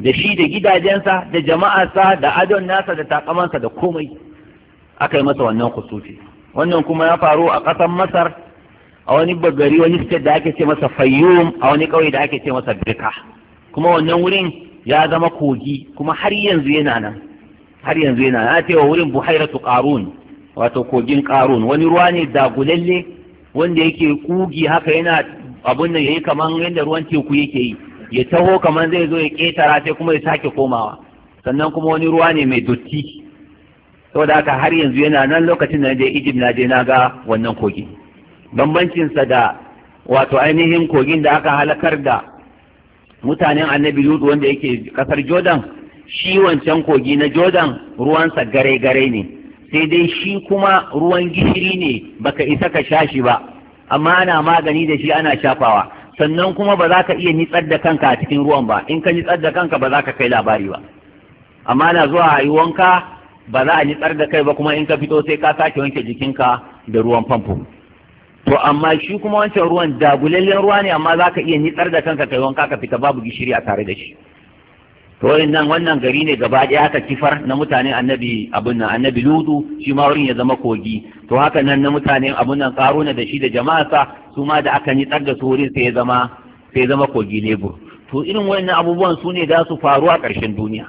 da shi da gidajensa da jama'arsa da adon nasa da takamansa da komai aka yi masa wannan kusufi wannan kuma ya faru a ƙasar masar a wani bagari wani state da ake ce masa fayyum a wani kauye da ake ce masa birka kuma wannan wurin ya zama kogi kuma har yanzu yana nan har yanzu yana nan ce cewa wurin buhairatu qarun wato kogin qarun wani ruwa ne dagulalle wanda yake kugi haka yana abun nan yayi kaman yadda ruwan teku yake yi ya taho kaman zai zo ya ketara sai kuma ya sake komawa sannan kuma wani ruwa ne mai dotti saboda haka har yanzu yana nan lokacin da na je Egypt na je na ga wannan kogi bambancinsa da wato ainihin kogin da aka halakar da mutanen annabi lut wanda yake kasar jordan shi wancan kogi na jordan ruwansa gare-gare ne sai dai shi kuma ruwan gishiri ne baka isa ka sha shi ba amma ana magani da shi ana shafawa sannan kuma ba za ka iya nitsar da kanka a cikin ruwan ba in ka nitsar da kanka ba za ka kai labari ba amma na zuwa a yi wanka ba za a nitsar da kai ba kuma in ka fito sai ka sake wanke jikinka da ruwan famfo to amma shi kuma wancan ruwan dagulallen ruwa ne amma za ka iya nitsar da kanka kai wanka ka fita babu gishiri a tare da shi to nan wannan gari ne gaba ɗaya haka kifar na mutanen annabi abun nan annabi ludu shi ma wurin ya zama kogi to haka nan na mutanen abun nan karuna da shi da sa, su ma da aka nitsar da su wurin sai ya zama sai zama kogi lebur to irin wannan abubuwan su ne za su faru a ƙarshen duniya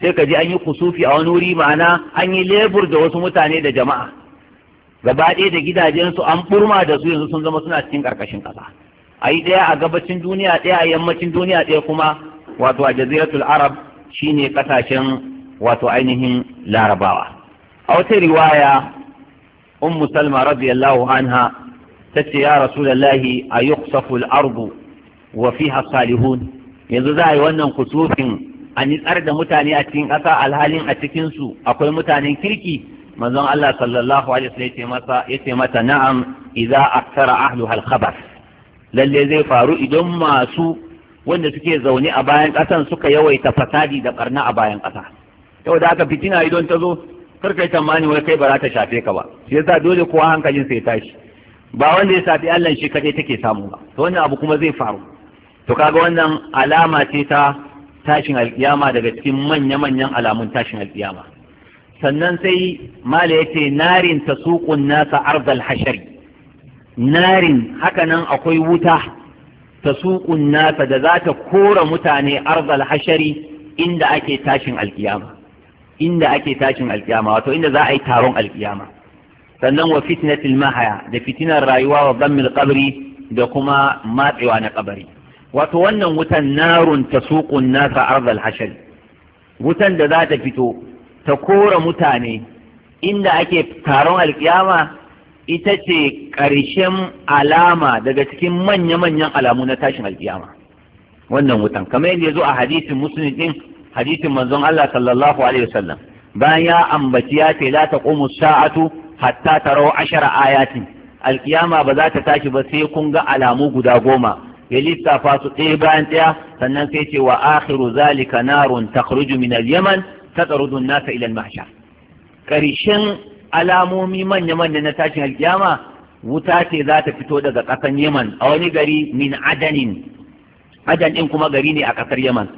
sai ka ji an yi kusufi a wani wuri ma'ana an yi lebur da wasu mutane da jama'a gaba ɗaya da gidajensu an burma da su yanzu sun zama suna cikin ƙarƙashin ƙasa a yi ɗaya a gabacin duniya ɗaya a yammacin duniya ɗaya kuma wato a jaziratul arab shine ƙasashen wato ainihin larabawa a wata riwaya ummu salma radiyallahu anha ce ya rasulallahi a yuqsafu al-ardu wa fiha salihun yanzu za a yi wannan kusufin a nitsar da mutane a cikin ƙasa alhalin a cikinsu akwai mutanen kirki manzon Allah sallallahu alaihi wasallam yace masa yace mata na'am idza akthara ahluha al-khabath lalle zai faru idan masu wanda suke zaune a bayan ƙasan suka yawaita fasadi da barna a bayan ƙasa yau da aka fitina idan ta zo kar kai tamani wai kai ba za ta shafe ka ba shi yasa dole kowa hankalin sai tashi ba wanda ya safi Allah shi kadai take samu ba to wannan abu kuma zai faru to kaga wannan alama ce ta tashin alkiyama daga cikin manya-manyan alamun tashin alkiyama sannan sai mala ya ce narin ta suƙun nasa arzal hashari narin hakanan akwai wuta ta suƙun nasa da za ta kora mutane arzal hashari inda ake tashin alkiyama inda ake tashin alkiyama wato inda za a yi taron alkiyama sannan wa fitnatil mahaya da fitinar rayuwa wa zammil qabri da kuma matsewa na kabari wato wannan wutan narun ta suƙun nasa arzal hashari wutan da za ta fito ta kora mutane inda ake taron alkiyama ita ce ƙarshen alama daga cikin manya-manyan alamu na tashin alkiyama wannan wutan kamar yadda ya zo a hadisin musulun din hadisin manzon Allah sallallahu alaihi wasallam bayan ya ambaci ya ce la taqumu sa'atu hatta taraw ashara ayatin alkiyama ba za ta tashi ba sai kun ga alamu guda goma ya lissafa su ɗaya bayan ɗaya sannan sai ce wa akhiru zalika narun takhruju min al-yaman tatarudun nasa ila al-mahshar karshen alamomi manya-manya na tashin alkiyama wuta ce za ta fito daga ƙasar Yaman a wani gari min adanin adan din kuma gari ne a ƙasar Yaman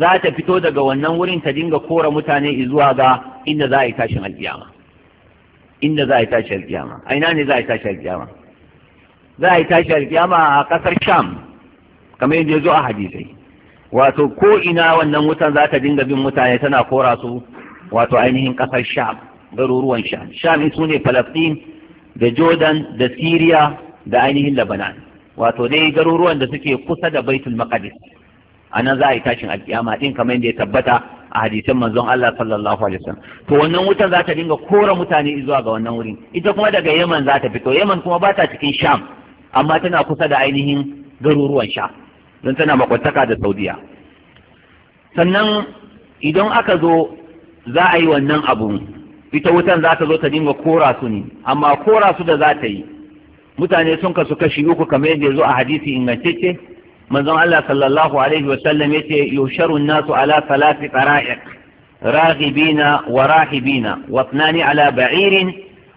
za ta fito daga wannan wurin ta dinga kora mutane zuwa ga inda za a yi tashin alkiyama inda za a yi tashin alkiyama a ina ne za a yi tashin alkiyama za a yi tashin alkiyama a ƙasar Sham kamar yadda ya zo a hadisai wato ko ina wannan wutan za ta dinga bin mutane tana kora su wato ainihin kasar sham garuruwan sham sham su ne palestine da jordan da syria da ainihin lebanon wato dai garuruwan da suke kusa da baitul maqdis a nan za a yi tashin alkiyama din kamar yadda ya tabbata a hadisin manzon Allah sallallahu alaihi wasallam to wannan wutan za ta dinga kora mutane zuwa ga wannan wurin ita kuma daga yaman za ta fito yaman kuma ba ta cikin Sham amma tana kusa da ainihin garuruwan Sham don tana makwataka da saudiya sannan idan aka zo za a yi wannan abu ita wutan za ta zo ta dinga kora su ne amma kora su da za ta yi mutane sun kasu kashi uku kamar yadda ya zo a hadisi ingantacce manzon Allah sallallahu alaihi wa sallam yace yusharu an nasu ala thalathi qara'iq raghibina wa rahibina wa ithnani ala ba'irin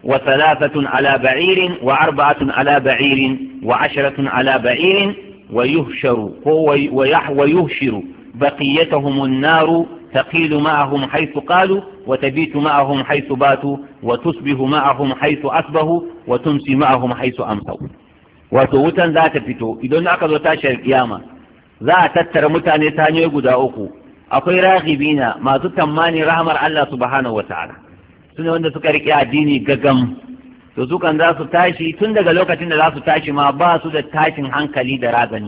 wa thalathatun ala ba'irin wa arba'atun ala ba'irin wa 'ashratun ala ba'irin ويهشر ويهشر بقيتهم النار تقيل معهم حيث قالوا وتبيت معهم حيث باتوا وتصبح معهم حيث أصبحوا وتمسي معهم حيث أمسوا وتوتا ذات فتو إذن أكدوا تاشر القيامة ذا تتر متاني تاني قداؤكو akwai raghibina masu tammani rahamar Allah subhanahu wataala sune wanda suka rike addini gagam to su kan za su tashi tun daga lokacin da za su tashi ma ba su da tashin hankali da Da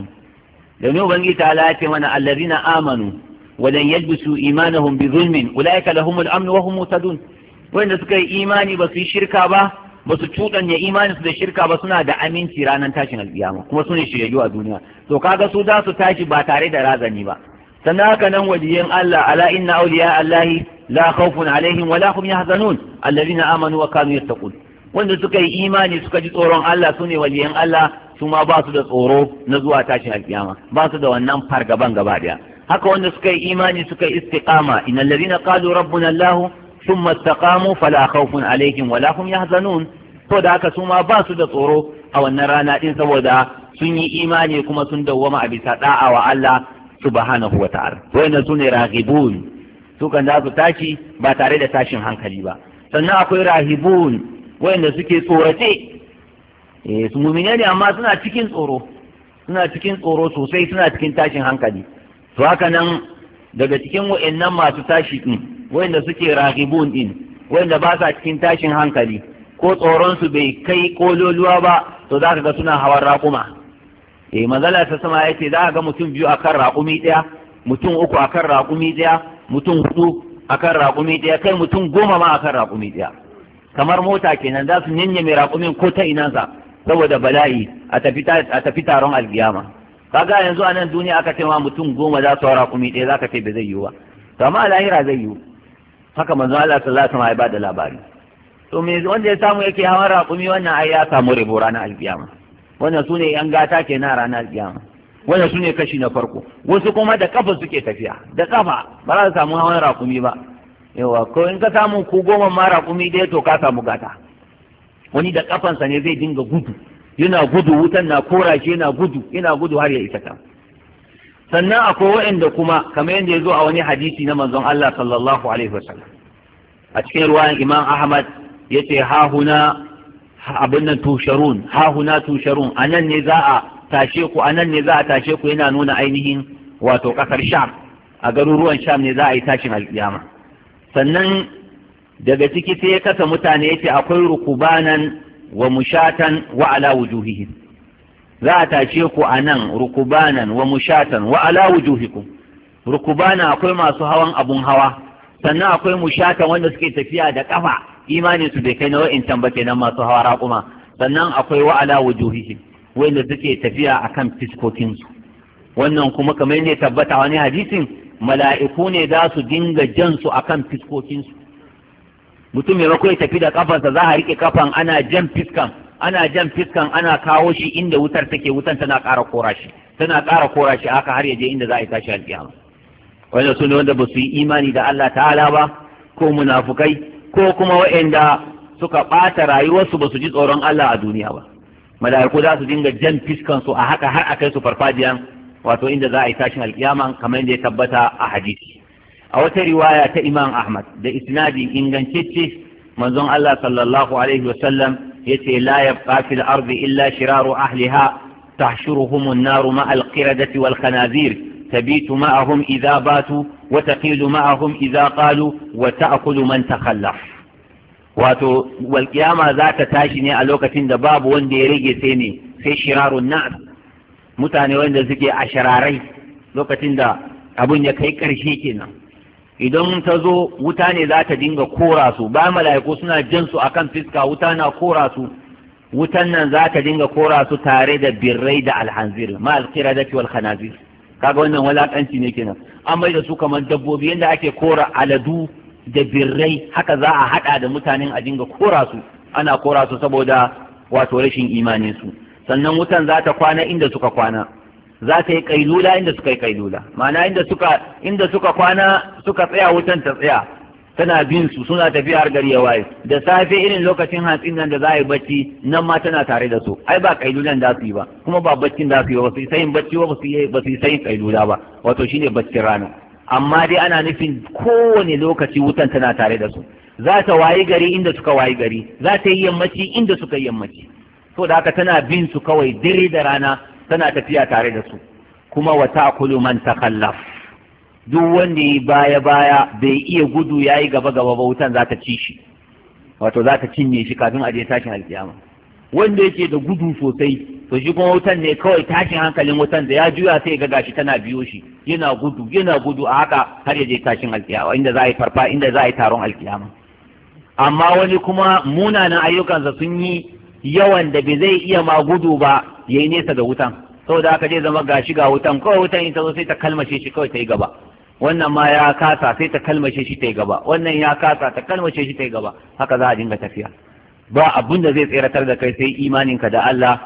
domin ubangiji ta ala ce mana allazina amanu walan yalbisu imanahum bi zulmin ulaika lahumul amn wa hum muhtadun wanda suka yi imani ba su yi shirka ba ba su cuɗanya imani su da shirka ba suna da aminci ranar tashin alƙiyama kuma su ne shiryayyu a duniya to kaga su za su tashi ba tare da razani ba sannan haka nan waliyan Allah ala inna awliya Allahi la khawfun alaihim wa la hum yahzanun alladhina amanu wa kanu yattaqun wanda suka yi imani suka ji tsoron Allah su ne waliyan Allah su ma ba su da tsoro na zuwa tashin alkiyama ba su da wannan fargaban gaba daya haka wanda suka yi imani suka yi istiqama innal ladina qalu rabbuna Allah thumma istaqamu fala khawfun alaihim wala hum yahzanun to da haka su ma ba su da tsoro a wannan rana din saboda sun yi imani kuma sun dawwama a bisa da'a wa Allah subhanahu wa ta'ala wayannan sune raghibun su kan za su tashi ba tare da tashin hankali ba sannan akwai rahibun wayanda suke tsorace eh su mu'mine ne amma suna cikin tsoro suna cikin tsoro sosai suna cikin tashin hankali to haka nan daga cikin wayannan masu tashi din wayanda suke raghibun din wayanda ba sa cikin tashin hankali ko tsoron su bai kai kololuwa ba to zaka ga suna hawan raƙuma eh manzala ta sama yace za ga mutum biyu akan raƙumi ɗaya mutum uku akan raƙumi ɗaya mutum hudu akan raƙumi ɗaya kai mutum goma ma akan raƙumi ɗaya kamar mota kenan za su nyanye raƙumin ko ta inansa saboda bala'i a tafi taron alkiyama kaga yanzu a nan duniya aka ce ma mutum goma za su hau raƙumi ɗaya za ka ce ba zai yiwu ba to amma lahira zai yiwu haka manzo Allah sallallahu alaihi wasallam ya bada labari to me wanda ya samu yake hawa raƙumi wannan ai ya samu rabo ranar alkiyama wannan sune yan gata ke na ranar alkiyama wannan sune kashi na farko wasu kuma da kafa suke tafiya da kafa ba za su samu hawan raƙumi ba yawa ko in ka samu ku goma mara kumi dai to ka samu gata wani da kafansa ne zai dinga gudu yana gudu wutan na kora shi yana gudu yana gudu har ya isa ta sannan akwai waɗanda kuma kamar yadda ya zo a wani hadisi na manzon Allah sallallahu alaihi wasallam a cikin ruwan Imam Ahmad yace ha huna abin nan tusharun ha huna tusharun anan ne za a tashe ku anan ne za a tashe ku yana nuna ainihin wato kasar Sham a garuruwan Sham ne za a yi tashin alkiyama sannan daga ciki sai ya kasa mutane ya ce akwai rukubanan wa mushatan wa ala wujuhihi za a tashe ku a nan rukubanan wa mushatan wa ala wujuhikum rukubana akwai masu hawan abun hawa sannan akwai mushatan wanda suke tafiya da kafa imani su bai kai na wa'incan ba kenan masu hawa raƙuma sannan akwai wa ala wujuhihi wanda suke tafiya akan fiskokinsu wannan kuma kamar ne tabbata wani hadisin mala'iku ne za su dinga jan su akan fiskokinsu mutum ya ya tafi da kafansa za a riƙe kafan ana jan fiskan ana jan fiskan ana kawo shi inda wutar take wutan tana ƙara kora shi tana ƙara kora shi haka har ya inda za a yi tashi alƙiyama wanda su ne wanda ba su yi imani da Allah ta'ala ba ko munafukai ko kuma waɗanda suka ɓata rayuwarsu ba su ji tsoron Allah a duniya ba mala'iku za su dinga jan fiskan a haka har a kai su farfajiyan wato inda za a yi tashin alkiyama kamar yadda ya tabbata a hadisi a wata riwaya ta imam ahmad da isnadi ingantacce manzon allah sallallahu alaihi wasallam ya ce la yabqa fil ardi illa shiraru ahliha tahshuruhum an-nar ma'a al-qiradati wal khanazir tabitu ma'ahum idza batu wa taqilu ma'ahum idza qalu wa ta'kulu man takhallaf wato wal kiyama za ta tashi ne a lokacin da babu wanda ya rage sai ne sai shirarun nas mutane wanda suke a shararai lokacin da abun ya kai ƙarshe kenan idan ta zo wuta ne za ta dinga kora su ba mala'iku suna jan su akan fiska wuta na kora su wutan nan za ta dinga kora su tare da birrai da alhanzir ma da fiwal khanazir kaga wannan walakanci ne kenan an mai da su kamar dabbobi yanda ake kora aladu da birrai haka za a hada da mutanen a dinga kora su ana kora su saboda wato rashin imanin su sannan wutan za ta kwana inda suka kwana za ta yi kailula inda suka yi kailula ma'ana inda suka inda suka kwana suka tsaya wutan ta tsaya tana bin su suna tafiya har gari ya waye da safe irin lokacin hantsin nan da za a yi bacci nan ma tana tare da su ai ba kailulan da su yi ba kuma ba baccin da su yi ba su yi sayin bacci ba su yi ba su yi sayin kailula ba wato shine baccin rana amma dai ana nufin kowane lokaci wutan tana tare da su za ta wayi gari inda suka wayi gari za ta yi yammaci inda suka yi yammaci so da haka tana bin su kawai dare da rana tana tafiya tare da su kuma wa ta'kulu man takallaf duk wanda yi baya baya bai iya gudu yayi gaba gaba ba wutan za ci shi wato za cinye shi kafin a je tashin alkiyama wanda yake da gudu sosai to shi kuma wutan ne kawai tashin hankalin wutan da ya juya sai ga gashi tana biyo shi yana gudu yana gudu a haka har ya je tashin alkiyama inda za a yi farfa inda za a yi taron alkiyama amma wani kuma munanan ayyukansa sun yi yawan da bai zai iya ma gudu ba yayi nesa da wutan saboda haka zai zama gashi ga wutan kawai wutan in zo sai ta kalmace shi kawai ta yi gaba wannan ma ya kasa sai ta kalmace shi ta yi gaba wannan ya kasa ta kalmace shi ta yi gaba haka za a dinga tafiya ba abun da zai tseratar da kai sai imaninka da Allah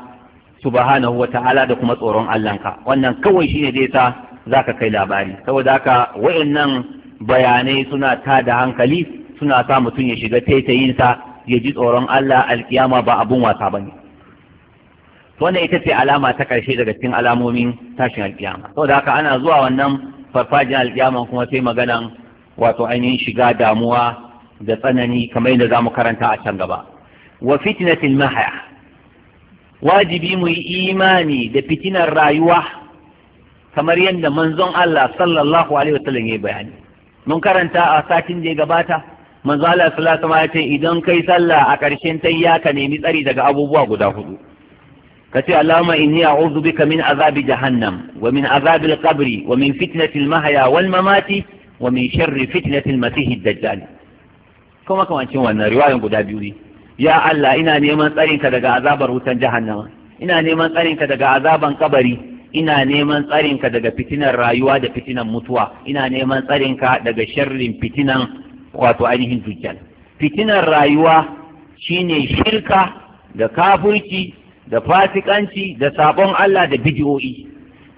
subhanahu wata'ala ta'ala da kuma tsoron Allahnka wannan kawai shine zai sa zaka kai labari saboda haka wayannan bayanai suna tada hankali suna sa mutum ya shiga taitayinsa ya ji tsoron Allah alkiyama ba abun wasa ne. to wannan ita ce alama ta ƙarshe daga cikin alamomin tashin alkiyama saboda haka ana zuwa wannan farfajin alkiyama kuma sai maganan wato ainihin shiga damuwa da tsanani kamar yadda zamu karanta a can gaba wa fitnatil mahya wajibi mu yi imani da fitinar rayuwa kamar yadda manzon Allah sallallahu alaihi sallam ya bayani mun karanta a satin da ya gabata manzo Allah sallallahu alaihi wasallam idan kai sallah a ƙarshen tayya ka nemi tsari daga abubuwa guda hudu kace Allahumma inni a'udhu bika min azabi jahannam wa min azabi al-qabri wa min fitnati al-mahya wal mamati wa min sharri fitnati al-masih ad-dajjal kuma kamar cin wannan riwayan guda biyu ne ya Allah ina neman tsarinka daga azabar wutan jahannama ina neman tsarinka daga azaban kabari ina neman tsarinka daga fitinar rayuwa da fitinar mutuwa ina neman tsarinka daga sharrin fitinan wato ainihin dujjal fitinar rayuwa shine shirka da kafirci da fasikanci da sabon Allah da bidiyoyi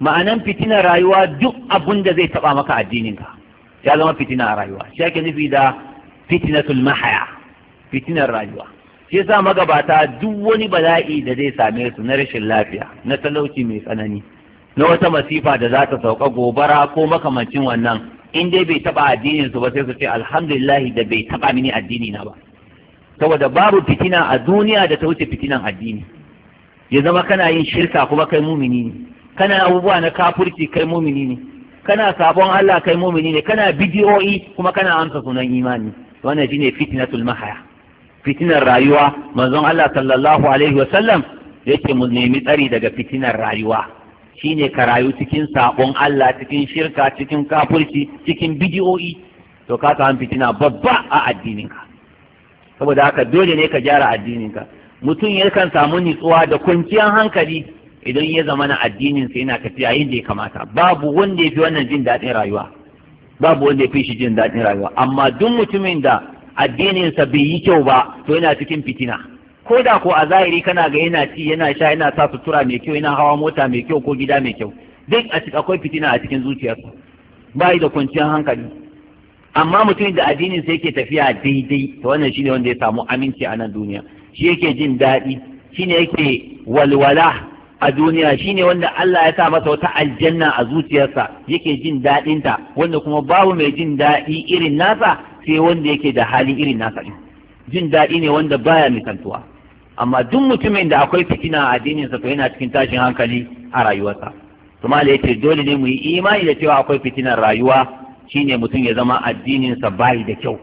ma'anan fitinar rayuwa duk abun da zai taba maka addininka ya zama fitina a rayuwa shi ake nufi da fitinatul mahaya fitinar rayuwa shi yasa magabata duk wani bala'i da zai same su na rashin lafiya na talauci mai tsanani na wata masifa da za ta sauka gobara ko makamancin wannan in dai bai taba addinin su ba sai su ce alhamdulillah da bai taba mini addini na ba saboda babu fitina a duniya da ta wuce fitinan addini ya zama kana yin shirka kuma kai mumini ne kana abubuwa na kafurci kai mumini ne kana sabon Allah kai mumini ne kana bidiyoyi kuma kana amsa sunan imani wannan shine fitnatul mahaya fitinar rayuwa manzon Allah sallallahu alaihi wasallam yake mu nemi tsari daga fitinar rayuwa Shi ne ka rayu cikin sabon Allah cikin shirka cikin kafirci cikin bidiyo'i to ka samu fitina babba a addininka saboda haka dole ne ka gyara addininka mutum ya kan samu nitsuwa da kwanciyar hankali idan ya zama na addinin sa yana tafiya yadda ya kamata babu wanda ya fi wannan jin daɗin rayuwa babu wanda ya fi shi jin daɗin rayuwa amma duk mutumin da addininsa bai yi kyau ba to yana cikin fitina ko da ko a zahiri kana ga yana ci yana sha yana sa sutura mai kyau yana hawa mota mai kyau ko gida mai kyau duk a cikin akwai fitina a cikin zuciyarsa ba da kwanciyar hankali amma mutum da addinin sai yake tafiya daidai to wannan shine wanda ya samu aminci a nan duniya shi yake jin daɗi shine yake walwala a duniya shine wanda Allah ya sa masa wata aljanna a zuciyarsa yake jin daɗinta wanda kuma babu mai jin daɗi irin nasa sai wanda yake da hali irin nasa jin daɗi ne wanda baya misaltuwa amma duk mutumin da akwai fitina a addininsa to yana cikin tashin hankali a rayuwarsa to mala yace dole ne mu yi imani da cewa akwai fitinar rayuwa shine mutum ya zama addininsa bai da kyau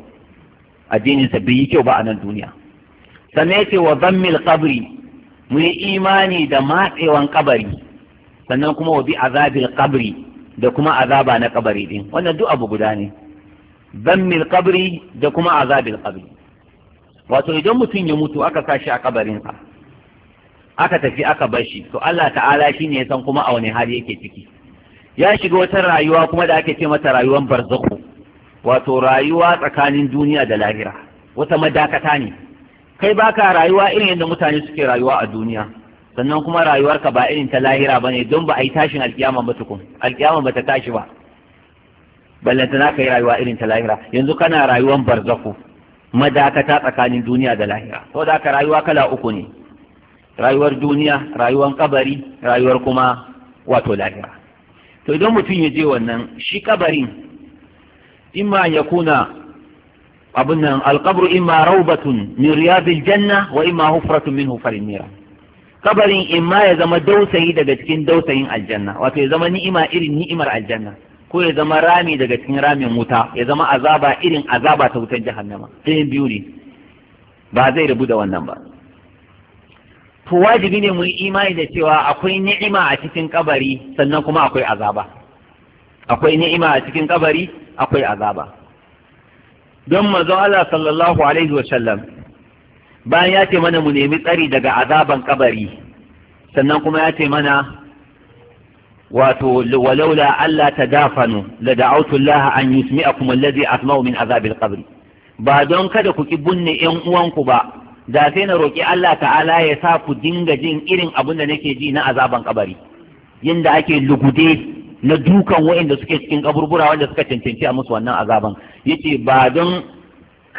addininsa bai yi kyau ba a nan duniya sannan yace wa zammil qabri mu yi imani da matsewan kabari sannan kuma wa bi azabil qabri da kuma azaba na kabari din wannan duk abu guda ne zammil qabri da kuma azabil qabri wato idan mutum ya mutu aka sa shi a kabarinsa aka tafi aka bar to Allah ta'ala shi ne ya san kuma a wani hali yake ciki ya shiga wata rayuwa kuma da ake ce mata rayuwar barzakhu wato rayuwa tsakanin duniya da lahira wata madakata ne kai baka rayuwa irin yadda mutane suke rayuwa a duniya sannan kuma rayuwarka ba irin ta lahira bane don ba a yi tashin alkiyama ba tukun alkiyama ba ta tashi ba ballanta na kai rayuwa irin ta lahira yanzu kana rayuwar barzakhu madakata tsakanin duniya da lahira to da ka rayuwa kala uku ne rayuwar duniya rayuwar kabari rayuwar kuma wato lahira to idan mutum ya je wannan shi kabarin imma ya kuna abin nan alkabru imma raubatun min riyadil janna wa imma hufratun min hufarin nira kabarin imma ya zama dausayi daga cikin dausayin aljanna wato ya zama ni'ima irin ni'imar aljanna ko ya zama rami daga cikin ramin wuta ya zama azaba irin azaba ta wutar jahannama sai biyu ne ba zai rabu da wannan ba to wajibi ne mu yi imani da cewa akwai ni'ima a cikin kabari sannan kuma akwai azaba akwai ni'ima a cikin kabari akwai azaba don manzo Allah sallallahu alaihi wa sallam bayan ya ce mana mu nemi tsari daga azaban kabari sannan kuma ya ce mana wato walaula Allah ta dafanu la da'autu Allah an yusmi'akum allazi asma'u min azabil qabr ba don kada ku ki bunne ƴan uwanku ba da sai na roki Allah ta'ala ya sa ku dinga jin irin abin da nake ji na azaban kabari yanda ake lugude na dukan waɗanda suke cikin kaburbura wanda suka cancanci a musu wannan azaban yace ba don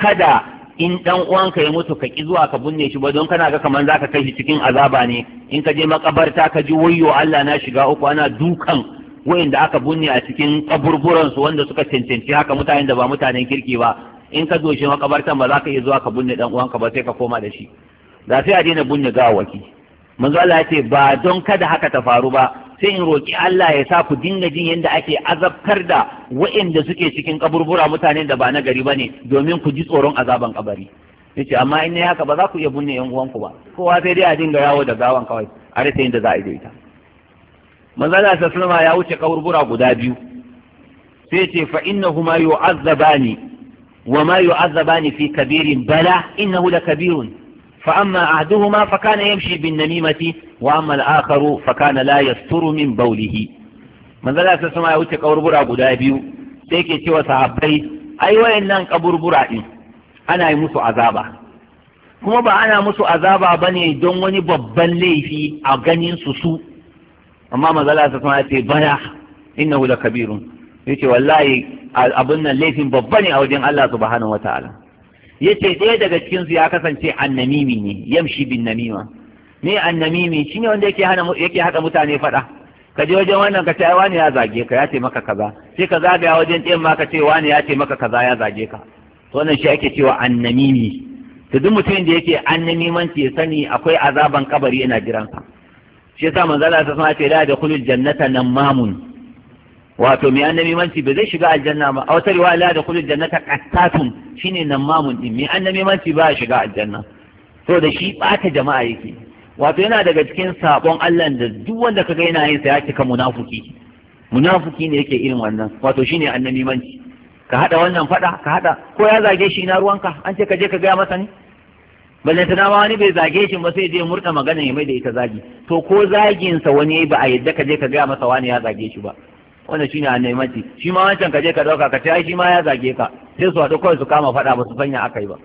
kada in dan uwanka ya mutu ka ki zuwa ka binne shi ba don kana ga kamar zaka kai shi cikin azaba ne in ka je makabarta ka ji wayyo Allah na shiga uku ana dukan wayanda aka binne a cikin kaburburan su wanda suka cancanci haka mutanen da ba mutanen kirki ba in ka zo shi makabartan ba zaka iya zuwa ka binne dan uwanka ba sai ka koma da shi da sai a daina binne gawaki manzo Allah ya ce ba don kada haka ta faru ba sai in roƙi Allah ya sa ku dinga jin yadda ake azabtar da waɗanda suke cikin kaburbura mutanen da ba na gari ne domin ku ji tsoron azaban kabari yace amma in ne haka ba za ku iya binne yan uwanku ba kowa sai dai a dinga yawo da gawan kawai a rasa yadda za a yi da ita manzo Allah ya wuce kaburbura guda biyu sai ce fa innahuma yu'azzabani wa ma yu'azzabani fi kabirin bala innahu la kabirun فأما أحدهما فكان يمشي بالنميمة وأما الآخر فكان لا يستر من بوله من ذلك سمع يوتي قبربرا قدا بيو سيكي تيوى صحابي أي وإن لن قبربرا أنا يمسو عذابا kuma ba ana musu azaba ba ne don wani babban laifi a ganin su su amma mazala ta kuma ce bana innahu la kabirun yace wallahi abin nan laifin babba ne a wajen Allah subhanahu yace ɗaya daga cikinsu ya kasance annamimi ne yamshi bin namima ne annamimi shine wanda yake hana yake mutane faɗa. ka je wajen wannan ka ce wani ya zage ka ya ce maka kaza sai ka zagaya wajen ɗayan ma ka ce wani ya ce maka kaza ya zage ka to wannan shi ake cewa annamimi to duk mutumin da yake annamimanci ya sani akwai azaban kabari yana jiransa shi yasa manzala ta sama ce la da kullu jannata nan mamun wato mai annabi manci ba zai shiga aljanna ba a wata riwaya la da kullu jannata qattatun shine nan mamun din mai annabi manci ba shiga aljanna so da shi bata jama'a yake wato yana daga cikin sabon Allah da duk wanda kaga yana yin sa ya cika munafiki munafiki ne yake irin wannan wato shine annabi manci ka hada wannan fada ka hada ko ya zage shi na ruwanka an ce ka je ka gaya masa ne ta nama wani bai zage shi ba sai je murna magana ya mai da ita zagi to ko zagin sa wani ba a yadda ka je ka gaya masa wani ya zage shi ba wanda shine annaimanci shi ma wancan ka je ka dauka ka tayi shi ma ya zage ka sai su haɗu kawai su kama faɗa ba su sanya akai ba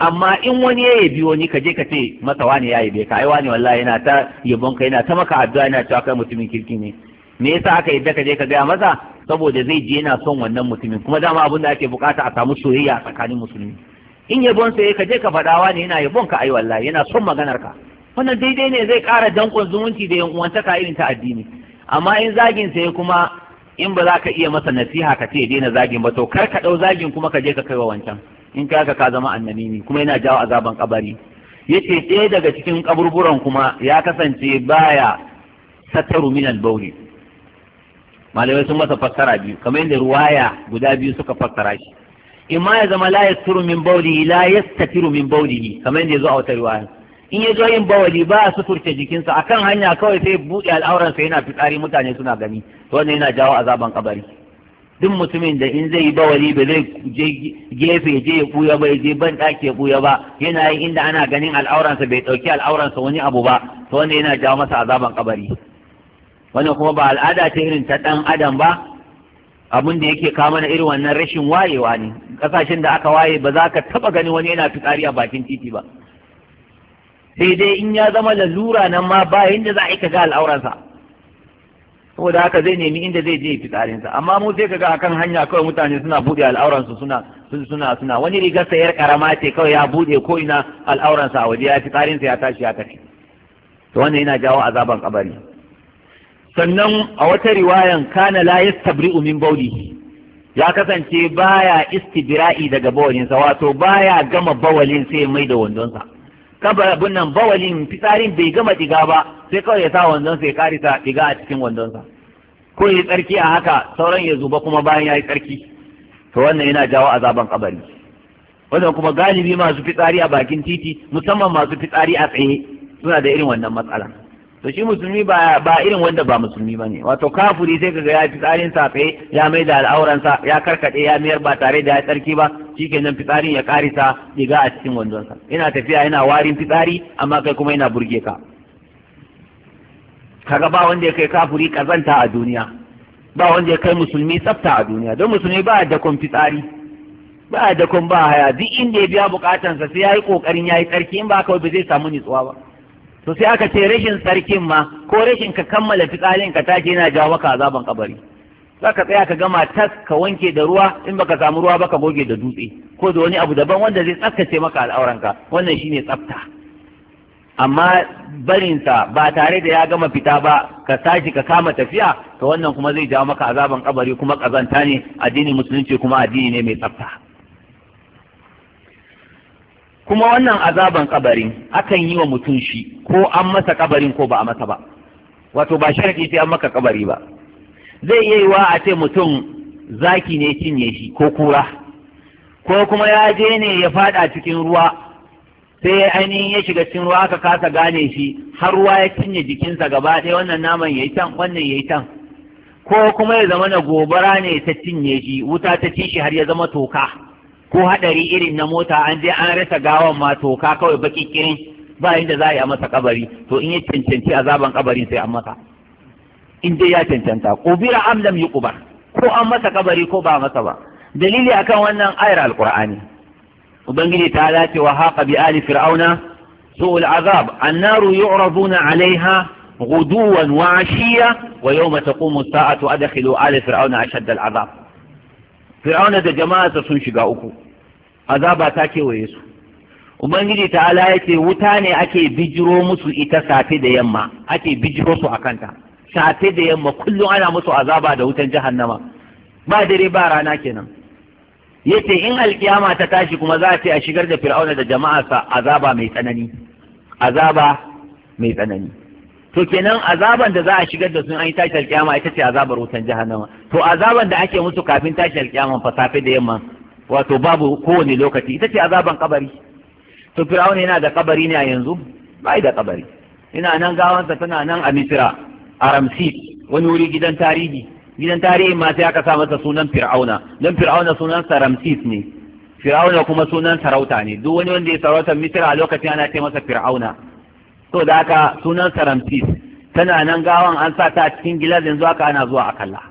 amma in wani ya yabi wani ka je ka ce masa wani ya yabe ka ai wani wallahi yana ta yabon ka yana ta maka addu'a yana cewa kai mutumin kirki ne me yasa aka yadda ka je ka gaya masa saboda zai je yana son wannan mutumin kuma dama abin da ake bukata a samu soyayya tsakanin musulmi in yabon sai ka je ka faɗa wani yana yabon ka ai wallahi yana son maganar ka wannan daidai ne zai ƙara dankon zumunci da yan uwantaka irin ta addini amma in zagin sai kuma in ba za ka iya masa nasiha ka ce daina zagin ba to kar ka dau zagin kuma ka je ka kaiwa wancan in ka ka zama ne, kuma yana jawo azaban kabari yace ɗaya daga cikin kaburburan kuma ya kasance baya sataru min al-bawli malamai sun masa fassara biyu kamar yadda ruwaya guda biyu suka fassara shi imma ya zama la yasturu min bawlihi la yastatiru min bawlihi kamar yadda yazo a wata riwaya in ya zo yin bawali ba a suturce jikinsa a kan hanya kawai sai buɗe al'auransa yana fitsari mutane suna gani to wannan yana jawo azaban kabari duk mutumin da in zai yi bawali ba zai je gefe je ya buya ba ya je ban ɗaki ya buya ba yana yin inda ana ganin al'auransa bai ɗauki al'auransa wani abu ba to wannan yana jawo masa azaban kabari wannan kuma ba al'ada ta irin ta ɗan adam ba abin da yake kawo mana irin wannan rashin wayewa ne ƙasashen da aka waye ba za ka taɓa ganin wani yana fitsari a bakin titi ba sai dai in ya zama lalura nan ma ba da za a yi ka ga al'auransa saboda haka zai nemi inda zai je fitsarinsa amma mu sai kaga akan hanya kawai mutane suna buɗe al'auransu suna suna suna wani rigar sayar karama ce kawai ya buɗe ko ina al'auransa a waje ya fitsarinsa ya tashi ya tafi to wannan yana jawo azaban kabari sannan a wata riwayan kana la yastabri'u min ya kasance baya istibra'i daga bawalinsa wato baya gama bawalin sai mai da wandonsa kabar abin nan bawalin fitsarin bai gama diga ba sai kawai ya sa wandon sai karisa diga a cikin sa ko ya tsarki a haka sauran ya zuba kuma bayan ya yi tsarki to wannan yana jawo azaban kabari wannan kuma galibi masu fitsari a bakin titi musamman masu fitsari a tsaye suna da irin wannan matsala to shi musulmi ba ba irin wanda ba musulmi ba ne wato kafuri sai kaga ya fitsarin sa tsaye ya mai da al'auransa ya karkade ya miyar ba tare da ya tsarki ba shikenan fitsarin ya karisa diga a cikin wandonsa yana tafiya yana warin fitsari amma kai kuma yana burge ka kaga ba wanda ya kai kafuri kazanta a duniya ba wanda ya kai musulmi tsafta a duniya don musulmi ba da kon fitsari ba da kon ba haya duk inda ya biya bukatansa sai ya yi kokarin ya yi tsarki in ba kawai ba zai samu nutsuwa ba to sai aka ce rashin sarkin ma ko rashin ka kammala fitsarin ka tashi yana jawo maka azaban kabari za ka tsaya ka gama tas ka wanke da ruwa in baka samu ruwa ba ka goge da dutse ko da wani abu daban wanda zai tsaftace maka al'auranka wannan shine tsafta amma barinsa ba tare da ya gama fita ba ka tashi ka kama tafiya to wannan kuma zai jawo maka azaban kabari kuma kazanta ne addinin musulunci kuma addini ne mai tsafta kuma wannan azaban kabarin akan yi wa mutum shi ko an masa kabarin ko ba a masa ba wato ba sharadi sai an maka kabari ba zai iya yiwa a ce mutum zaki ne cinye shi ko kura ko kuma ya je ne ya fada cikin ruwa sai ainihin ya shiga cikin ruwa aka kasa gane shi har ruwa ya cinye jikinsa gaba ɗaya wannan naman yayi tan wannan yayi tan ko kuma ya zama na gobara ne ta cinye shi wuta ta ci shi har ya zama toka ko haɗari irin na mota an je an rasa gawan ma to ka kawai baki kirin ba inda za a yi masa kabari to in ya cancanci azaban kabarin sai an masa in dai ya cancanta bira am lam yuqbar ko an masa kabari ko ba masa ba dalili akan wannan ayar alqur'ani ubangiji ta dace wa haqa bi ali fir'auna su'ul azab annaru yu'raduna 'alayha غدوا وعشيا ويوم تقوم الساعة أدخلوا آل فرعون أشد العذاب fir'auna da jama'arsa sun shiga uku azaba ta kewaye su ubangiji ta'ala ya ce wuta ne ake bijiro musu ita safe da yamma ake bijiro su akanta safe da yamma kullum ana musu azaba da wutan jahannama ba dare ba rana kenan yace in alkiyama ta tashi kuma za a ce a shigar da fir'auna da jama'arsa azaba mai tsanani azaba mai tsanani to kenan azaban da za a shigar da sun an yi tashi alkiyama ita ce azabar wutan jahannama to azaban da ake musu kafin tashi alkiyaman fa safe da yamma wato babu kowane lokaci ita ce azaban kabari to fir'auna yana da kabari ne a yanzu bai da kabari ina nan gawansa tana nan a misira a ramsi wani wuri gidan tarihi gidan tarihi ma sai aka sa masa sunan fir'auna don fir'auna sa ramsis ne fir'auna kuma sunan sarauta ne duk wani wanda ya sarauta misira a lokacin ana ce masa fir'auna to da haka sa ramsis tana nan gawan an sa ta cikin gilas yanzu haka ana zuwa a kalla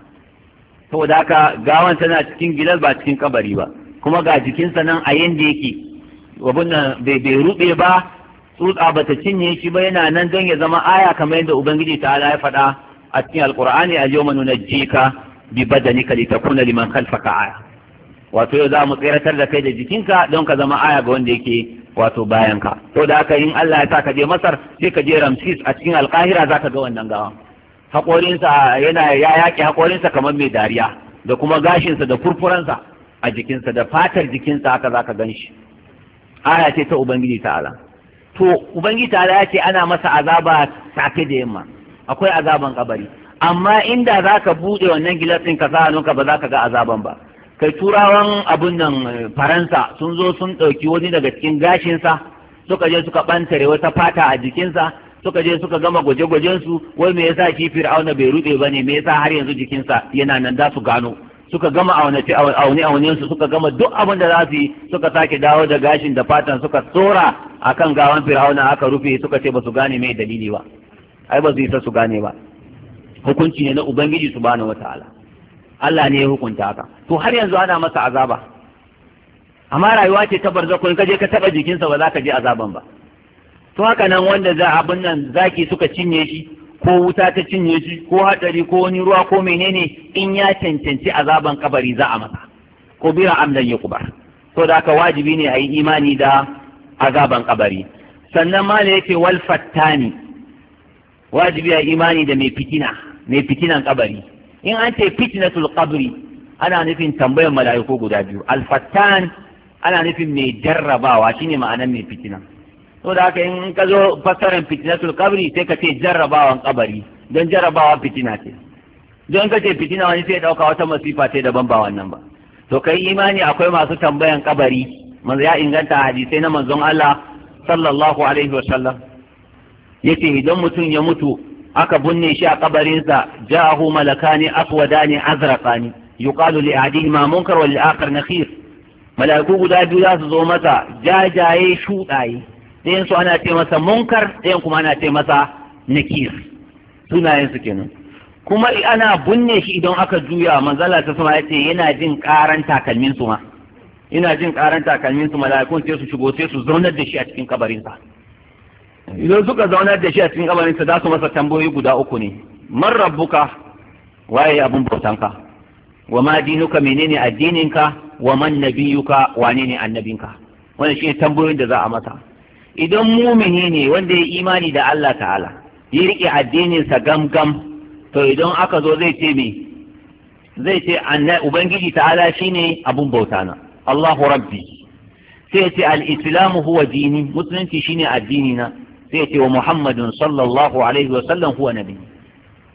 saboda haka gawan tana cikin gidan ba cikin kabari ba kuma ga jikinsa nan a yanda yake abin nan bai bai rube ba tsutsa ba ta cinye shi ba yana nan don ya zama aya kamar yadda ubangiji ta ala ya faɗa a cikin a yau manuna jika bi ta kuna liman ka aya wato yau za mu tseratar da kai da jikinka don ka zama aya ga wanda yake wato bayanka saboda da haka in Allah ya sa ka je Masar sai ka je Ramsis, a cikin Alkahira za ka ga wannan gawan. haƙorinsa yana ya yaƙi haƙorinsa kamar mai dariya da kuma gashinsa da furfuransa a jikinsa da fatar jikinsa haka za ka gan shi aya ce ta ubangiji ta'ala to ubangiji ta'ala ya ce ana masa azaba safe da yamma akwai azaban kabari amma inda za ka buɗe wannan gilasin ka sa hannunka ba za ka ga azaban ba kai turawan abun nan faransa sun zo sun ɗauki wani daga cikin gashinsa suka je suka ɓantare wata fata a jikinsa suka je suka gama gwaje-gwajen su wai me yasa shi fir'auna bai ba ne, me yasa har yanzu jikinsa yana nan da su gano suka gama aune aune su suka gama duk abin da za su yi suka sake dawo da gashin da fatan suka tsora akan gawan fir'auna aka rufe suka ce ba su gane mai dalili ba ai ba su yi ta su gane ba hukunci ne na ubangiji subhanahu wataala Allah ne ya hukunta haka to har yanzu ana masa azaba amma rayuwa ce ta barzakon ka je ka taba jikinsa ba za ka je azaban ba to haka nan wanda za abin nan zaki suka cinye shi ko wuta ta cinye shi ko hadari ko wani ruwa ko menene in ya cancanci azaban kabari za a masa ko bira amdan ya kubar to da haka wajibi ne a yi imani da azaban kabari sannan ma da yake wal fattani wajibi a imani da mai fitina mai fitinan kabari in an ce fitnatul qabri ana nufin tambayar mala'iku guda biyu al fattan ana nufin mai jarrabawa shine ma'anar mai fitina ko da haka in ka zo fassarar fitinatul kabri sai ka ce jarrabawan kabari don jarrabawa fitina ce don ka ce fitina wani sai dauka wata masifa ce daban ba wannan ba to kai imani akwai masu tambayan kabari manzo ya inganta hadisai na manzon Allah sallallahu alaihi wa sallam yace idan mutum ya mutu aka binne shi a kabarinsa jahu malakani aswadani azraqani yuqalu li ma munkar wal akhar nakhir malaiku guda biyu za su zo masa jajaye shuɗaye. ɗayan su ana ce masa munkar ɗayan kuma ana ce masa nakir sunayen su kenan kuma ana bunne shi idan aka juya manzala ta sama yace yana jin karan takalmin su ma ina jin karan takalmin su mala'ikun sai su shigo sai su zaunar da shi a cikin kabarin sa idan suka zaunar da shi a cikin kabarin sa za su masa tambayoyi guda uku ne man rabbuka waye abun bautanka wa ma dinuka menene addininka wa man nabiyuka wane ne annabinka wannan shine tambayoyin da za a masa idan mumini ne wanda ya imani da Allah ta'ala ya riƙe addininsa gam-gam to idan aka zo zai ce me zai ce ubangiji ta'ala shine abun bauta na Allahu rabbi sai ya ce al-islamu huwa dini musulunci shine addini na sai ya ce wa muhammadun sallallahu alaihi wa sallam huwa nabi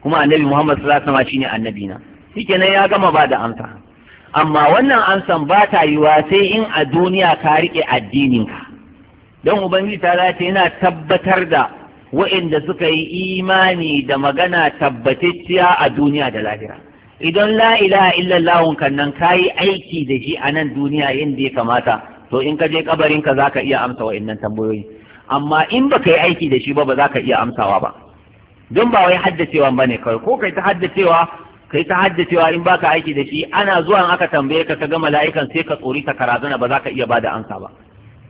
kuma annabi muhammad sallallahu alaihi wa shine annabi na shikenan ya gama ba da amsa amma wannan amsan ba ta yiwa sai in a duniya ka riƙe addininka don ubangiji ta lati yana tabbatar da waɗanda suka yi imani da magana tabbatacciya a duniya da lahira idan la ilaha illallah kan nan kayi aiki da shi a nan duniya yadda ya kamata to in ka je kabarin ka zaka iya amsa wa'innan tambayoyi amma in baka yi aiki da shi ba ba zaka iya amsawa ba don ba wai haddacewa bane kawai ko kai ta haddacewa kai ta haddacewa in baka aiki da shi ana zuwa aka tambaye ka ka ga mala'ikan sai ka tsori ta karazana ba za ka iya ba da amsa ba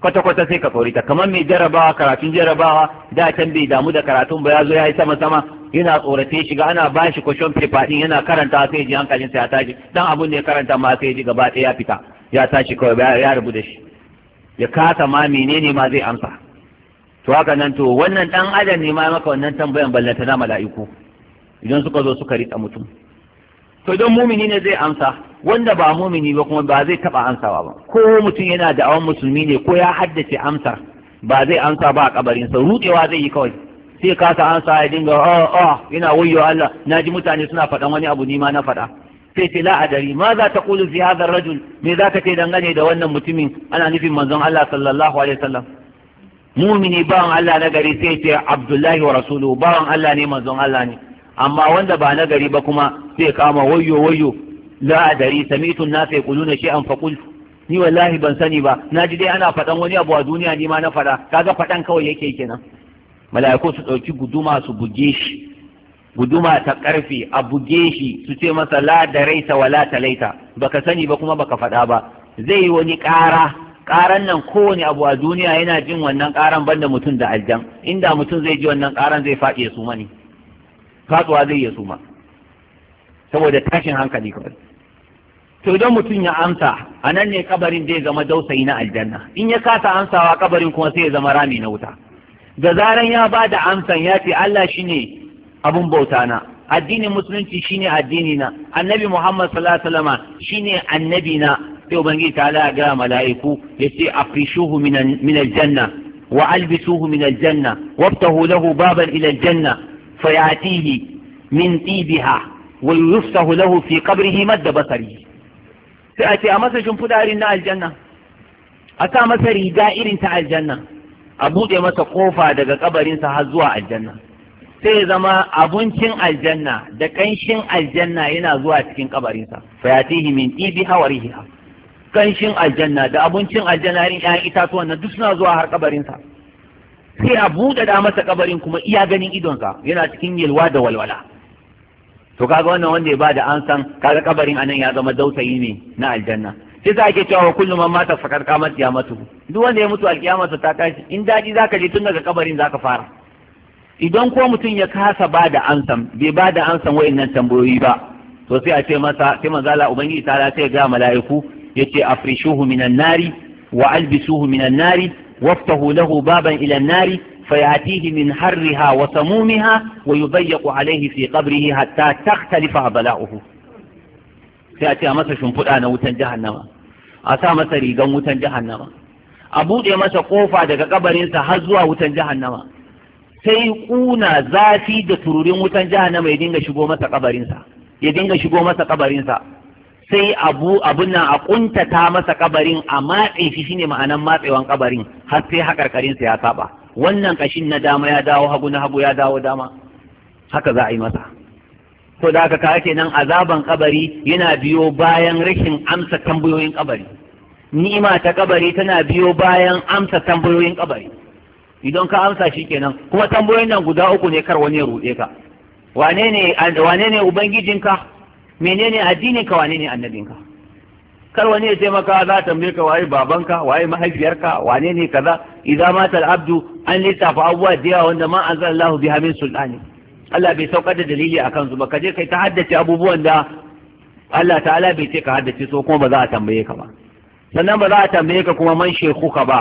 kwata-kwata sai ka kori kamar mai jarabawa karatun jarabawa da can bai damu da karatun ba ya zo ya yi sama-sama yana tsorace shi ga ana bashi kwashon pepa din yana karanta sai ji hankalin ya tashi dan abun ne karanta ma sai ji gaba ya fita ya tashi kawai ya rubu da shi ya kasa ma menene ma zai amsa to haka nan to wannan dan adam ne ma maka wannan tambayan ballanta na mala'iku idan suka zo suka rika mutum to don mumini ne zai amsa wanda ba mumini ba kuma ba zai taba amsawa ba ko mutum yana da awan musulmi ne ko ya haddace amsa ba zai amsa ba a sa, rudewa zai yi kawai sai kasa amsa ya dinga oh oh yana wayyo Allah naji mutane suna faɗan wani abu ni ma na faɗa sai ce la adari ma za ta kulu fi rajul me za ka ce dangane da wannan mutumin ana nufin manzon Allah sallallahu alaihi wasallam mumini bawan Allah na gari sai ce Abdullahi wa rasuluhu bawan Allah ne manzon Allah ne amma wanda ba na gari ba kuma zai kama wayyo wayyo la adari sami'tu an na yaquluna shay'an fa ni wallahi ban sani ba na ji dai ana faɗan wani abu a duniya ni ma na faɗa kaga faɗan kawai yake kenan mala'iku su ɗauki guduma su buge shi guduma ta ƙarfi, a buge shi su ce masa la da raita wala talaita baka sani ba kuma baka faɗa ba zai yi wani ƙara ƙaran nan kowane abu a duniya yana jin wannan ƙaran banda mutum da aljan inda mutum zai ji wannan ƙaran zai faɗi su mani faduwa zai ya suma saboda tashin hankali kawai to idan mutum ya amsa a nan ne kabarin zai zama dausayi na aljanna in ya kasa amsawa kabarin kuma sai ya zama rami na wuta da zaran ya ba da amsan ya ce Allah ne abun bauta na addinin musulunci shine addini na annabi Muhammad sallallahu alaihi wasallam shine annabi na sai ubangiji ta Allah ga mala'iku ya ce afishuhu min aljanna wa albisuhu min aljanna waftahu lahu baban ila aljanna فيأتيه من طيبها ويفسه له في قبره مد بصره na أمسا شنفدا إرنا الجنة أتا مسا ريدا إرنتا الجنة أبوت يمسا قوفا دقا قبر إنسا هزوا الجنة sai zama abincin aljanna da kanshin aljanna yana zuwa cikin kabarinsa fayatihi min tibi hawariha kanshin aljanna da abincin aljanna irin ƴaƴan itatuwan nan duk suna zuwa har kabarinsa sai a buɗe da masa kabarin kuma iya ganin idonsa yana cikin yalwa da walwala to kaga wannan wanda ya bada an san kaga kabarin anan ya zama dausayi ne na aljanna sai za ke cewa kullum man mata fakar kamar kiyamatu duk wanda ya mutu alkiyamarsa ta tashi in daji zaka je tun daga kabarin zaka fara idan ko mutum ya kasa ba da ansan bai ba da ansan wa'annan tambayoyi ba to sai a ce masa sai manzala ubangiji ta sai ga mala'iku yace afrishuhu minan nari wa albisuhu minan nari waftahu lahu baban ila nari فيأتيه من حرها وسمومها ويضيق عليه في قبره حتى تختلف بلاؤه سيأتي أمسا شنفر أنا وتن جهنم أسا مسا ريقا وتن جهنم أبود يمسا قوفا دك قبر إنسا هزوا وتن جهنم سيكون ذاتي دترورين وتن جهنم يدينغ شبو مسا قبر إنسا يدينغ شبو مسا قبر إنسا sai abu abun nan a kuntata masa kabarin a matse shi shine ma'anan matsewan kabarin har sai hakarkarin sa ya saba wannan kashin na dama ya dawo hagu na hagu ya dawo dama haka za a yi masa to da aka kawo kenan azaban kabari yana biyo bayan rashin amsa tambayoyin kabari ni'ima ta kabari tana biyo bayan amsa tambayoyin kabari idan ka amsa shi kenan kuma tambayoyin nan guda uku ne kar wani ya ruɗe ka wane ne wane ne ubangijinka menene addinin ka wane ne annabin ka kar wani ya taimaka za ta ka waye babanka waye mahaifiyarka wane ne kaza idan mata Abdu an lissafa abubuwa da yawa wanda ma anzal biha min sultani Allah bai saukar da dalili akan su ba ka je kai ta haddace abubuwan da Allah ta'ala bai ce ka haddace so kuma ba za a tambaye ka ba sannan ba za a tambaye ka kuma man shekuka ba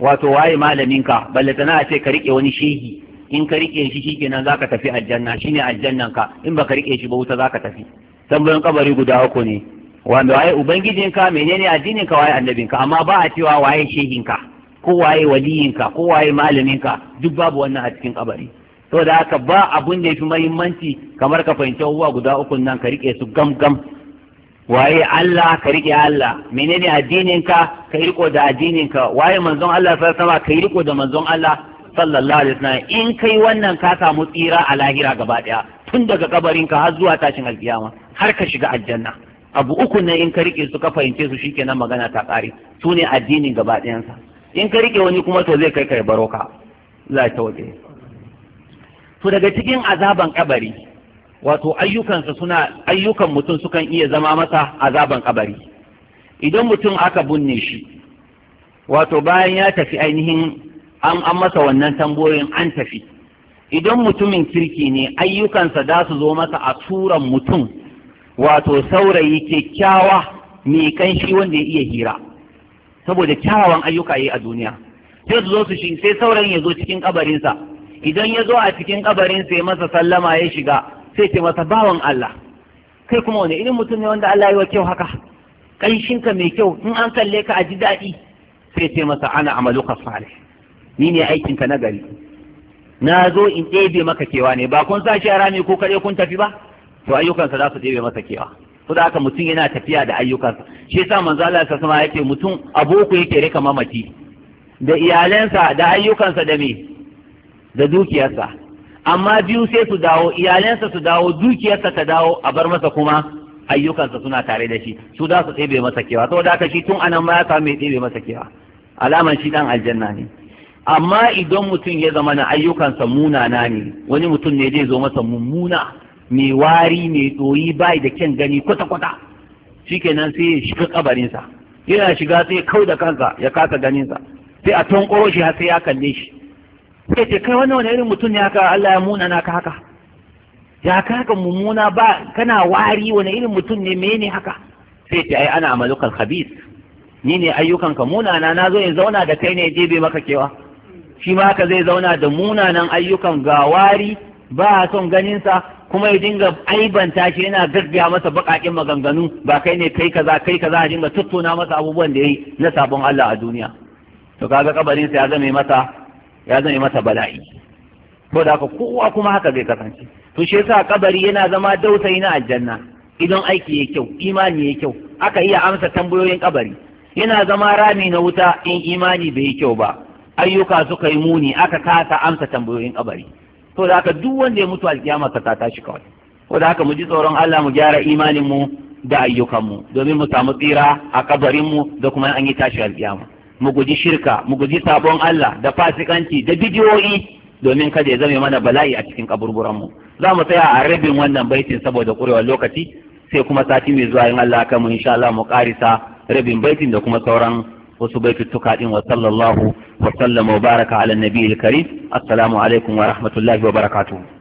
wato waye malaminka ballatana a ce ka rike wani shehi in ka rike shi shikenan zaka tafi aljanna shine aljannan ka in baka rike shi ba wuta zaka tafi tambayoyin kabari guda uku ne wanda waye ubangijinka menene addininka waye annabinka amma ba a cewa waye shehinka ko waye waliyinka ko waye malaminka duk babu wannan a cikin kabari saboda haka ba abun da yafi muhimmanci kamar ka fahimci abubuwa guda uku nan ka rike su gam gam waye Allah ka rike Allah menene addininka ka riko da addininka waye manzon Allah sallallahu alaihi wasallam ka riko da manzon Allah sallallahu alaihi wasallam in kai wannan ka samu tsira a lahira gaba daya tun daga ka har zuwa tashin alkiyama har ka shiga aljanna abu uku ne in ka rike su ka fahimce su shikenan magana ta kare su ne addinin gaba ɗayansa in ka rike wani kuma to zai kai ka baro za ta waje to daga cikin azaban kabari wato sa suna ayyukan mutum sukan iya zama masa azaban kabari idan mutum aka binne shi wato bayan ya tafi ainihin an an masa wannan tambayoyin an tafi idan mutumin kirki ne ayyukansa za su zo masa a turan mutum wato saurayi kyakkyawa mai kanshi wanda ya iya hira saboda kyawawan ayyuka yi a duniya sai su zo su shi sai saurayin ya zo cikin kabarinsa idan ya zo a cikin kabarin ya masa sallama ya shiga sai ce masa bawan Allah kai kuma wani irin mutum ne wanda Allah ya wa kyau haka ka mai kyau in an kalle ka a ji daɗi sai ce masa ana amaluka salih ni ne aikinka na gari na zo in ɗebe maka kewa ne ba kun sa shi a rami ko kare kun tafi ba to ayyukansa za su ɗebe masa kewa ko da haka mutum yana tafiya da ayyukansa shi yasa manzo Allah sa yake mutum aboko yake rika mamaci da iyalansa da ayyukansa da me da dukiyarsa amma biyu sai su dawo iyalansa su dawo dukiyarsa ta dawo a bar masa kuma ayyukansa suna tare da shi su za su ɗebe masa kewa saboda haka shi tun anan ma ya samu ya ɗebe masa kewa alaman shi dan aljanna ne amma idan mutum ya zama na ayyukansa munana ne wani mutum ne zai zo masa mummuna mai wari mai ɗoyi bai da kyan gani kwata-kwata shikenan sai ya shiga kabarinsa yana shiga sai kau da kansa ya kasa ganinsa sai a tonkoro shi har sai ya kalle shi sai ce kai wannan wani irin mutum ne haka Allah ya munana ka haka ya kaka mummuna ba kana wari wani irin mutum ne mene haka sai ce ai ana amalukan khabis ni ne ka muna na zo in zauna da kai ne jebe maka kewa shi ma ka zai zauna da munanan ayyukan gawari ba a son ganinsa kuma ya dinga aibanta shi yana gaggaya masa baƙaƙin maganganu ba kai ne kai kaza kai kaza a dinga tattauna masa abubuwan da ya yi na sabon Allah a duniya to kaga kabarin sa ya zame masa ya zame masa bala'i ko da haka kowa kuma haka zai kasance to shi yasa kabari yana zama dausayi na aljanna idan aiki ya kyau imani ya kyau aka iya amsa tambayoyin kabari yana zama rami na wuta in imani bai yi kyau ba ayyuka suka yi muni aka kasa amsa tambayoyin kabari to da haka duk wanda ya mutu alkiyama ka ta tashi kawai ko da haka mu ji tsoron Allah mu gyara imanin mu da ayyukan mu domin mu samu tsira a kabarin mu da kuma an yi tashi alkiyama mu guji shirka mu guji sabon Allah da fasikanci da bidiyoyi domin kada ya zame mana bala'i a cikin kaburburan mu za mu tsaya a rabin wannan baitin saboda kurewar lokaci sai kuma sati mai zuwa in Allah kan mu insha Allah mu karisa rabin baitin da kuma sauran wasu baituttuka din wa sallallahu wa sallama wa baraka ala nabiyil karim assalamu alaikum wa rahmatullahi wa barakatuh